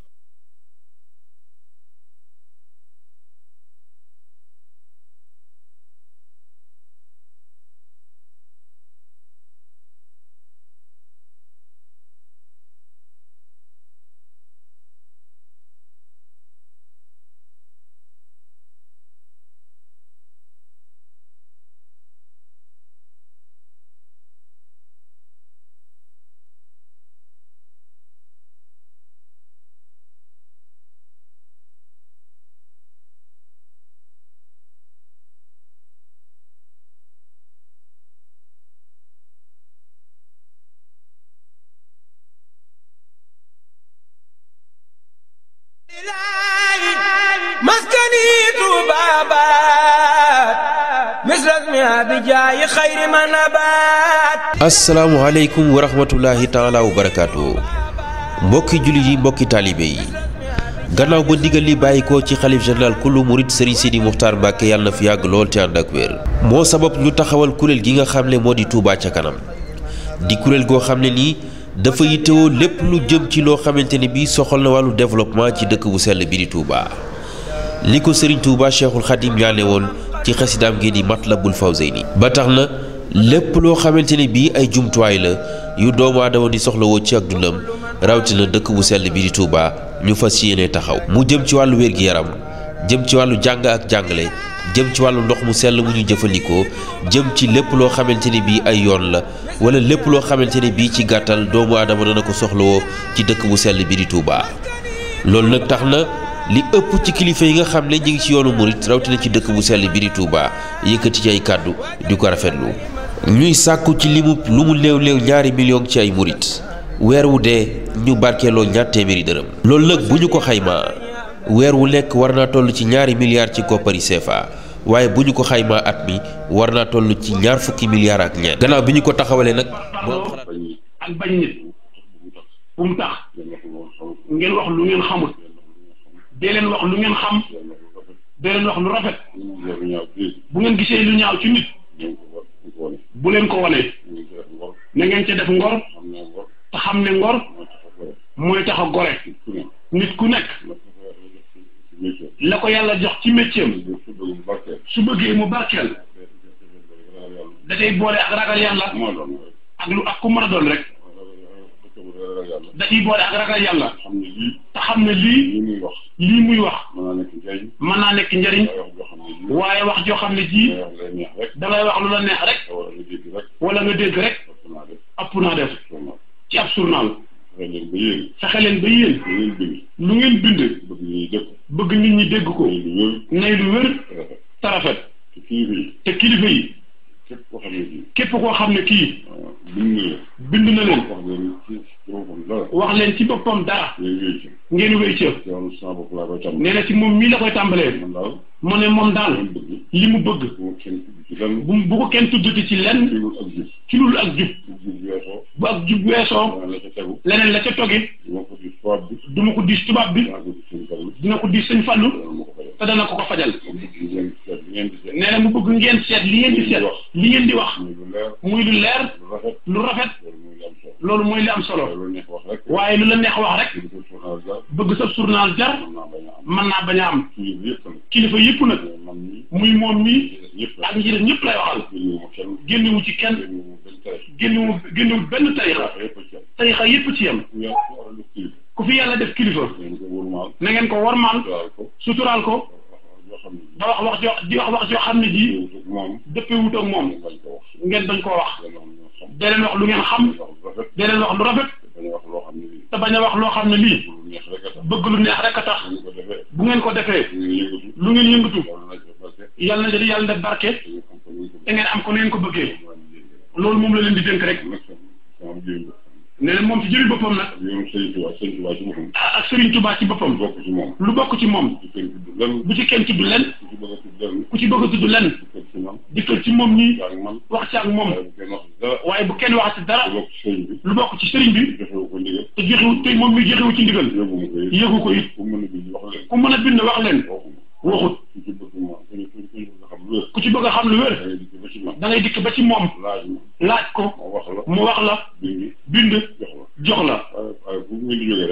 S7: asalaamualeykum wa rahmatullahi taala wa barakaatu mbokki jullit yi mbokki taalibe yi gannaaw ba ndigal li bàyyikoo ci xalif général kullu murit sëriñ Sidi Muxtaar Mbàkke yàlla na fi yàgg lool te ànd ak wér moo sabab ñu taxawal kuréel gi nga xam ne moo di Touba ca kanam di kuréel goo xam ne nii dafa yittewoo lépp lu jëm ci loo xamante ne bi soxal na wàllu développement ci dëkk bu sell bi di Touba ni ko sëriñ Touba Cheikhul Xadim ñaane woon ci xasidaam gi di Matlabul Fawzeyni ba tax na lépp loo xamante ni bii ay jumtuwaay la yu doomu aadama di soxlawoo ci ak dundam rawatina dëkk bu sell bi di Touba ñu fas yéene taxaw. mu jëm ci wàllu wér-gi-yaram jëm ci wàllu jàng ak jàngale jëm ci wàllu ndox mu sell mu ñu jëfandikoo jëm ci lépp loo xamante ni bii ay yoon la wala lépp loo xamante ni bii ci gàttal doomu aadama dana ko soxlawoo ci dëkk bu sell bi di Touba loolu nag tax na. li ëpp ci kilifa yi nga xam ne ñi ngi ci yoonu murit rawatina ci dëkk bu sell bi di Touba yëkkati ci ay kàddu di ko rafetlu ñuy sàkku ci limu lu mu néew néew ñaari million ci ay murit weer wu dee ñu barkeeloo ñaar téeméeri dërëm. loolu nag bu ñu ko xaymaa weer wu nekk war naa toll ci ñaari milliards ci koppari CFA waaye bu ñu ko xaymaa at mi war naa toll ci ñaar fukki milliards ak ñeent. gannaaw bi ñu ko taxawalee nag.
S8: dee leen wax lu ngeen xam dee leen wax lu rafet bu ngeen gisee lu ñaaw ci nit bu leen ko wanee na ngeen ca def ngor te xam ne ngor mooy tax a gore nit ku nekk la ko yàlla jox ci métier su bëggee mu barkeel da boole ak ragal yàlla ak lu ak ku mën a doon rek da boole ak ragal yàlla. te xam ne lii muy wax lii muy wax mën naa nekk njëriñ waaye wax joo xam ne ji da ngay wax lu la neex rek wala nga dégg rek ëpp naa def ci ab journal fexe leen ba yéen lu ngeen bind bëgg nit ñi dégg ko nay lu wér te te kilifa yi képp koo xam ne kii. képp koo xam ne kii. bind na leen. bind wax leen ci boppam dara. wax leen ngeen wéy ci. ngeen ci. moom mii la koy tàmbalee. man daal. mu ne moom daal. li mu bëgg. bu bu ko kenn tuddati ci lenn. ci lul ak jub. bu ak jub weesoo. leneen la ca togit. du ma ko diis tubaab bi. dina ko diis sëñ Fallou. te dana ko ko fajal. nee mu bëgg ngeen seet li ngeen di seet. li ngeen di wax muy lu leer lu rafet loolu mooy li am solo waaye lu la neex wax rek bëgg sa journal jar mën naa bañ a am kilifa yëpp nag muy moom mi ak ñi def ñëpp lay waxal génnewu ci kenn génnewu génnewu benn tarixa tarixa yëpp ci yem ku fi yàlla def kilifa na ngeen ko warmaal suturaal ko da wax wax joo di wax wax joo xam ne ji dëppee wut moom ngeen bañ koo wax da leen wax lu ngeen xam da leen wax lu rafet te bañ a wax loo xam ne lii bëgg lu neex rek a tax bu ngeen ko defee lu ngeen yëngatu yàlla na jëli yàlla na barke te ngeen am ko ngeen ko bëggee loolu moom la leen di dénk rek nee moom ci jëriñ boppam na ak yoonu Serigne Touba Serigne Touba boppam. ak lu bokk ci moom. lu bokk ci moom. bu ci kenn tudd lenn. ku ci bëgg a lenn. ku ci a ci moom nii. wax ci ak moom. waaye bu kenn wax ci dara. lu bokk ci Serigne bi. lu bokk ci Serigne bi. te joxewu te moom mi joxewu ci ndigal. yëgu ko it yëgu ko it. ku mën a bind wax leen. ku mën a ku ci bëgg a xam lu wér. da ngay dikk ba ci moom. laaj ko mu wax la bind. jox la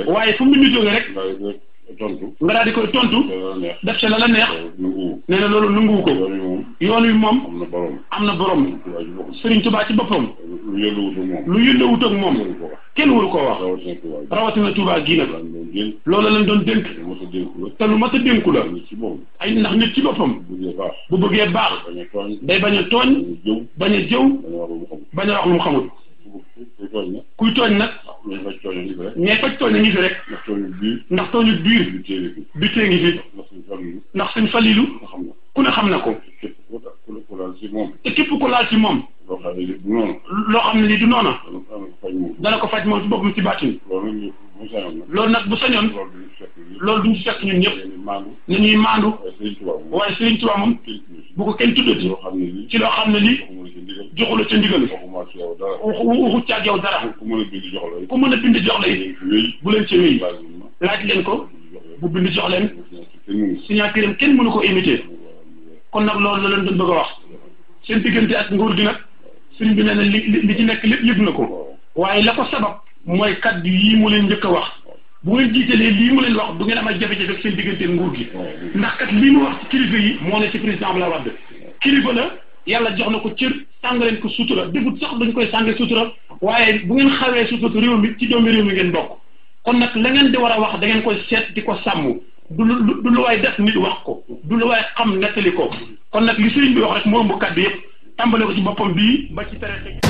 S8: waaye fu mu bind jógee rek. waaye tontu. nga daal di koy tontu. def ca la la neex. nee loolu nanguwu ko. yoon wi moom. am na borom am na ci boppam. lu yëlluwut ak lu yëlluwut ak moom. kenn waru ko wax. rawatina Touba gii nag. loolu lañ doon dénk. te lu ma a dénku la. ay ndax nit ci boppam. bu bëggee baax. day a tooñ. baña a jëw. bañ a wax lu mu xamul. tooñ nag kuy tooñ nag ndax tooñ ngi fi rek mais faj tooñ ngi fi rek ndax tooñu biir ndax tooñu biir bi tée ngi fi bi tée ngi fi ndax suñ falilu ndax suñ falilu ku ne xam na ko képp ku laal ci moom te képp ku laal ci moom loo xam ne lii du noonu loo xam ne lii du noonu dana ko faj moom dana ko faj moom ci boppam ci baatin loolu nag bu sañoon lool duñ ci fekk ñun ñëpp na ñuy maandu waaye Serigne Touba moom bu ko kenn tuddati ci loo xam ne lii joxu la ca ndigal waxu ca yow dara ku mën a bind jox la mën a bind jox bu leen ci wéy laaj leen ko bu bind jox leen signature am kenn mënu ko imiter kon nag loolu la leen doon bëgg a wax seen diggante ak nguur gi nag Serigne bi nee na li li ci nekk lépp yëg na ko waaye la ko sabab. mooy kaddu yii mu leen njëkk a wax bu ngeen jiitalee lii mu leen wax du ngeen am ay jafe-jafe ak seen digganteel nguur gi ndax kat lii mu wax ci kilifa yi moo ne ci président Abdoulaye Wade kilifa la yàlla jox na ko cër sàng leen ko sutura defut sax dañ koy sànge sutura waaye bu ngeen xawee sutura réew mi ci doomi réew mi ngeen bokk kon nag la ngeen war a wax da ngeen seet di ko sàmm du lu du lu waay wax ko du lu waay xam nettali ko kon nag li sëriñ bi wax rek moo ëmb kaddu yëpp tàmbale ko ci boppam bii ba ci
S1: tere